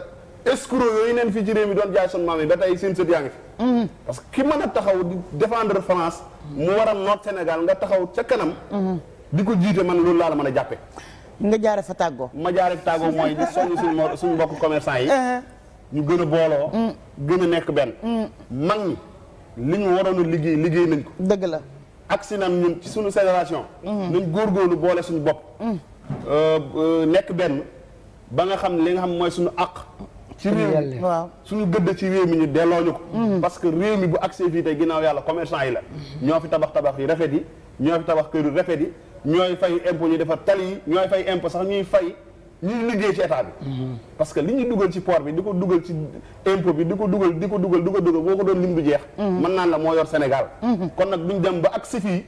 escroc yooyu neen fii ci réew mi doon jaay suñu maam yi ba tey seen sët yaa ngi fi. Mm. parce que ki mën a taxaw di défendre France. mu war a noot Sénégal nga taxaw ca kanam. Mm-hmm. di ko jiite man loolu laa la mën a jàppe nga jaare fa tàggoo. ma jaare fa tàggoo mooy di soññ suñu suñu commerçant yi. Uh-huh. ñu gën a booloo. Mm. nekk benn. mag li ñu waroon a liggéey liggéey nañ ko. dëgg la ak si naan ñun ci suñu góor mhm. nañ góorgóorlu boole suñu bopp. Mhm. Euh, euh, nekk benn ba nga xam li nga xam mooy suñu àq. ci réew mi waaw suñu gëdd ci réew mi ñu delloo ñu ko. Mhm. parce que réew mi bu accès fii tey ginnaaw yàlla commerçant yi la. ñoo fi tabax tabax yi rafet yi ñoo fi tabax yu rafet yi ñooy fay impôt ñu defar tali yi ñooy fay impôt sax ñuy fay. ñi liggéey ci état bi. parce que li ñu dugal ci port bi di ko dugal ci impôt bi di ko dugal di ko dugal di ko dugal boo ko doon lim du jeex. man naan la moo yor Sénégal. kon nag duñ dem ba ak si fii.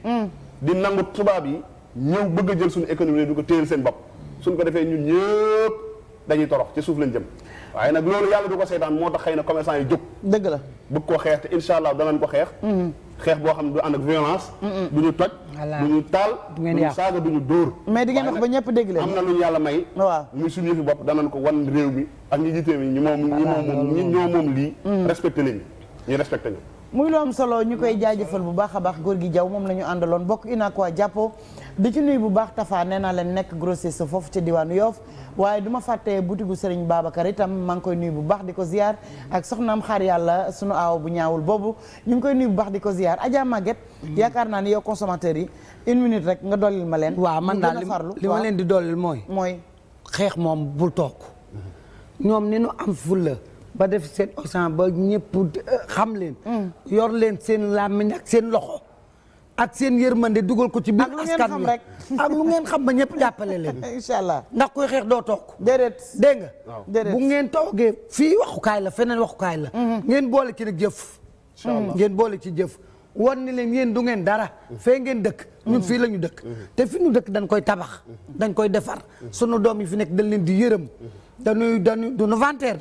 di nangu tubaab yi ñëw bëgg a jël suñu économie du ko téyel seen bopp suñ ko defee ñun ñëpp dañuy torox ci suuf lañ jëm. waaye nag loolu yàlla du ko seetaan moo tax xëy na commerçant yi jóg. dëgg la bëgg ko xeex te incha allah danañ ko xeex. Mm-hmm. xeex boo xam ne du ànd ak violence. Mm-hmm. du ñu taal du ñu saaga du ñu dóor mais di ngeen wax ba ñëpp dégg leen am na lu ñu yàlla may waaw muy suñu yëfi bopp danañ ko wan réew mi ak ñi jiitee mi ñi moom ñi moom ñi ñoo moom lii mm. respecté lañu ñu respecté ñu muy lu am solo ñu koy jaajëfal bu baax a baax góor gi jaw moom la ñu àndaloon bokk UNACOIS jàppoo di ci nuyu bu baax Tafa nee naa leen nekk grossiste foofu ca diwaanu Yoff waaye du ma fàtte butigu Serigne Babacar itam tam ngi koy nuyu bu baax di ko ziar ak soxnaam xaar yàlla sunu aaw bu ñaawul boobu ñu ngi koy nuyu bu baax di ko ziar Adja Maguette mm. yaakaar naa ni yow consommateur yi une minute rek nga dollil ma leen waaw man daal li ma leen di dollil mooy mooy xeex moom bul toog ñoom ni nu am fulla ba def seen osan ba ñëpp euh, xam leen. Mm. yor leen seen làmmiñ ak seen loxo. ak seen yërmande dugal ko ci biir. askan wi ak lu ngeen xam ba ñëpp jàppale leen. incha allah ndax kuy xeex doo toog. déedéet dégg nga. déedéet bu ngeen toogee fii waxukaay la feneen waxukaay la. Mm-hmm. ngeen boole ci nag jëf. incha mm-hmm. ngeen boole ci jëf. wan ni leen yéen du ngeen dara. Mm-hmm. fee ngeen dëkk. ñun fii la ñu dëkk. te fi ñu dëkk dañ koy tabax. dañ koy defar. sunu doom yi fi nekk dañ leen di yërëm. dañuy dañuy du nu de.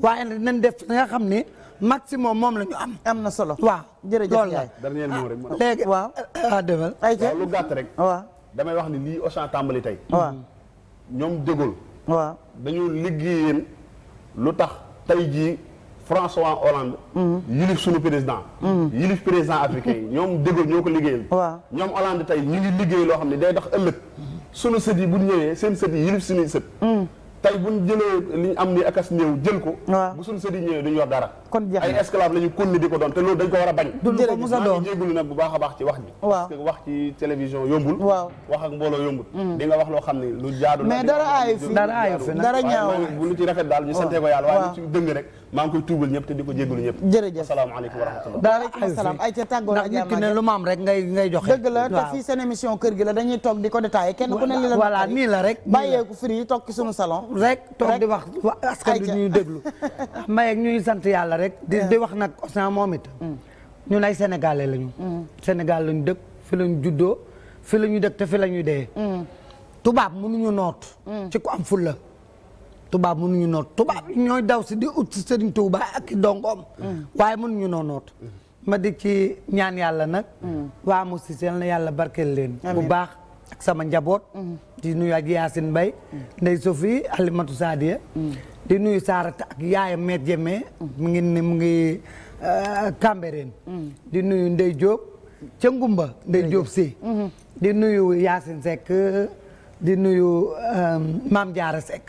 waaye nag nañ def nga xam ne maximum moom la ñu am. am na solo waaw. jërëjëf Ndiaye dernier mot rek ah, ma. léegi waaw ah defal. ayca lu gàtt rek. waaw damay wax ni lii Auchan tàmbali tey. waaw ñoom dégul. dañu liggéeyeen lu tax tey ji François Hollande. Mm-hmm. yilif sunu président. Mm-hmm. yilif président africain yi ñoom dégul ñoo ko liggéeyal. waaw ñoom Hollande tey ñu ngi liggéey loo xam ne day tax ëllëg. Mm-hmm. sunu sët yi bu ñëwee seen sët yi yilif sunuy sët. tey bu ñu jëlee li ñu am ni akas néew jël ko. bu suñ sëriñ ñëwee duñ yor dara. kon jeex ay esclave la ñu kon di ko doon te loolu dañ ko war a bañ duñ ko musa doon bu baax baax ci wax ji parce wax ci télévision yombul waaw wax ak mbooloo yombul mm. di nga wax loo xam ne lu jaadu mais maa ngi koy tuubal ñëpp te di ko jégalu wa rahmatullah waaleykum salaam ay ca tàggoo ndax nit ki ne lu maam rek ngay ngay joxe dëgg la te fii seen émission kër gi la dañuy toog di ko détaillé kenn ku ne la nii la rek bàyyeeku fri toog ci sunu salon rek toog di wax askan bi ñuy déglu may ak ñuy sant yàlla rek. di di wax nag Ousmane moom it. Mm. ñun ay sénégalais lañu. Mm. Sénégal lañu dëkk fi lañu juddoo fi lañu dëkk te fi lañu dee. Mm. tubaab mënuñu noot. ci ku am fulla tubaab mënuñu noot tubaab ñooy daw si di ut si sëriñ Tuuba ak dongoom. waaye mënuñu noo noot. ma di ci ñaan yàlla nag. waa mu si seen la yàlla barkeel leen. bu baax. ak sama njaboot. di nuyu ak Yacine Mbaye Ndeye Sophie Alimatu Sadia di nuyu Sarata ak yaayam Met Jeme mu ngi ni mu ngi euh, Cambérène di nuyu Ndeye Diop ca Ngumba Ndeye Diop si di nuyu Yacine Seck di nuyu euh, Mame Diarra Seck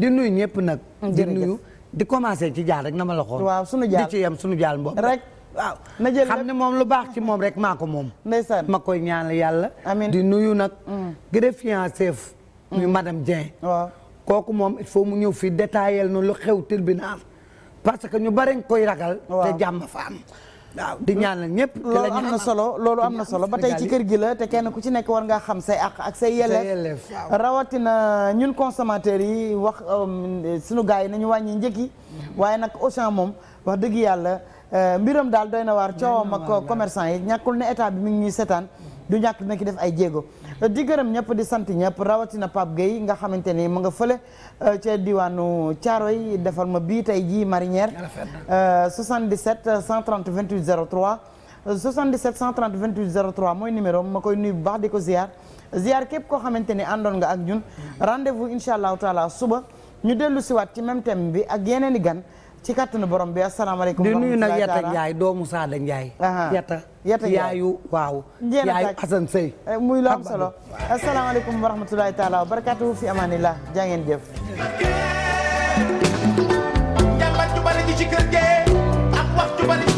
di nuyu ñëpp nag di nuyu di commencé ci jaar rek na ma la di ci yem sunu jaal mboobu rek waaw na jël xam ne moom lu baax ci moom rek maa ko moom. ndeysaan ma koy ñaanal yàlla. amiin di nuyu nag. Mm. greffier chef. muy mm. madam Dieng. waaw kooku moom il faut mu ñëw fii détaillé nu lu xew tribunal parce que ñu bari nga koy ragal. te jàmm fa am. waaw di ñaanal ñëpp. loolu am na solo loolu am na solo ba tey ci kër gi la te kenn ku ci nekk war ngaa xam say àq ak say yelleef rawatina ñun consommateurs yi wax um, sunu gars yi nañu wàññi njëkk yi. Mm. waaye nag Auchan moom wax dëgg yàlla. Euh, mbiram daal doy na waar coowam ak commerçant yi ñàkkul ne état bi mi ngi ñuy seetaan du ñàkk na ki def ay jéego di gërëm ñëpp di sant ñëpp rawatina Pape Gueye nga xamante ni mu nga fële euh, ca diwaanu yi defal ma bii tey jii marinière 77 130 28 03 77 130 28 03 mooy numéro ma koy nuyu bu baax di ko ziar ziar képp koo xamante ni àndoon nga ak ñun rendez-vous incha allahu taala suba ñu dellu siwaat ci même thème bi ak yeneen i gan ci kattanu borom bi asalaamaaleykum. di nuyu nag Yatta Ndiaye doomu Sada Ndiaye. Yatta Yatta yaayu waaw. yaayu Assane eh, muy lu am solo asalaamaaleykum wa taala wa barakatuhu fi amanillah jaa ngeen jëf. jàmbat ju ji ci kër gee ak wax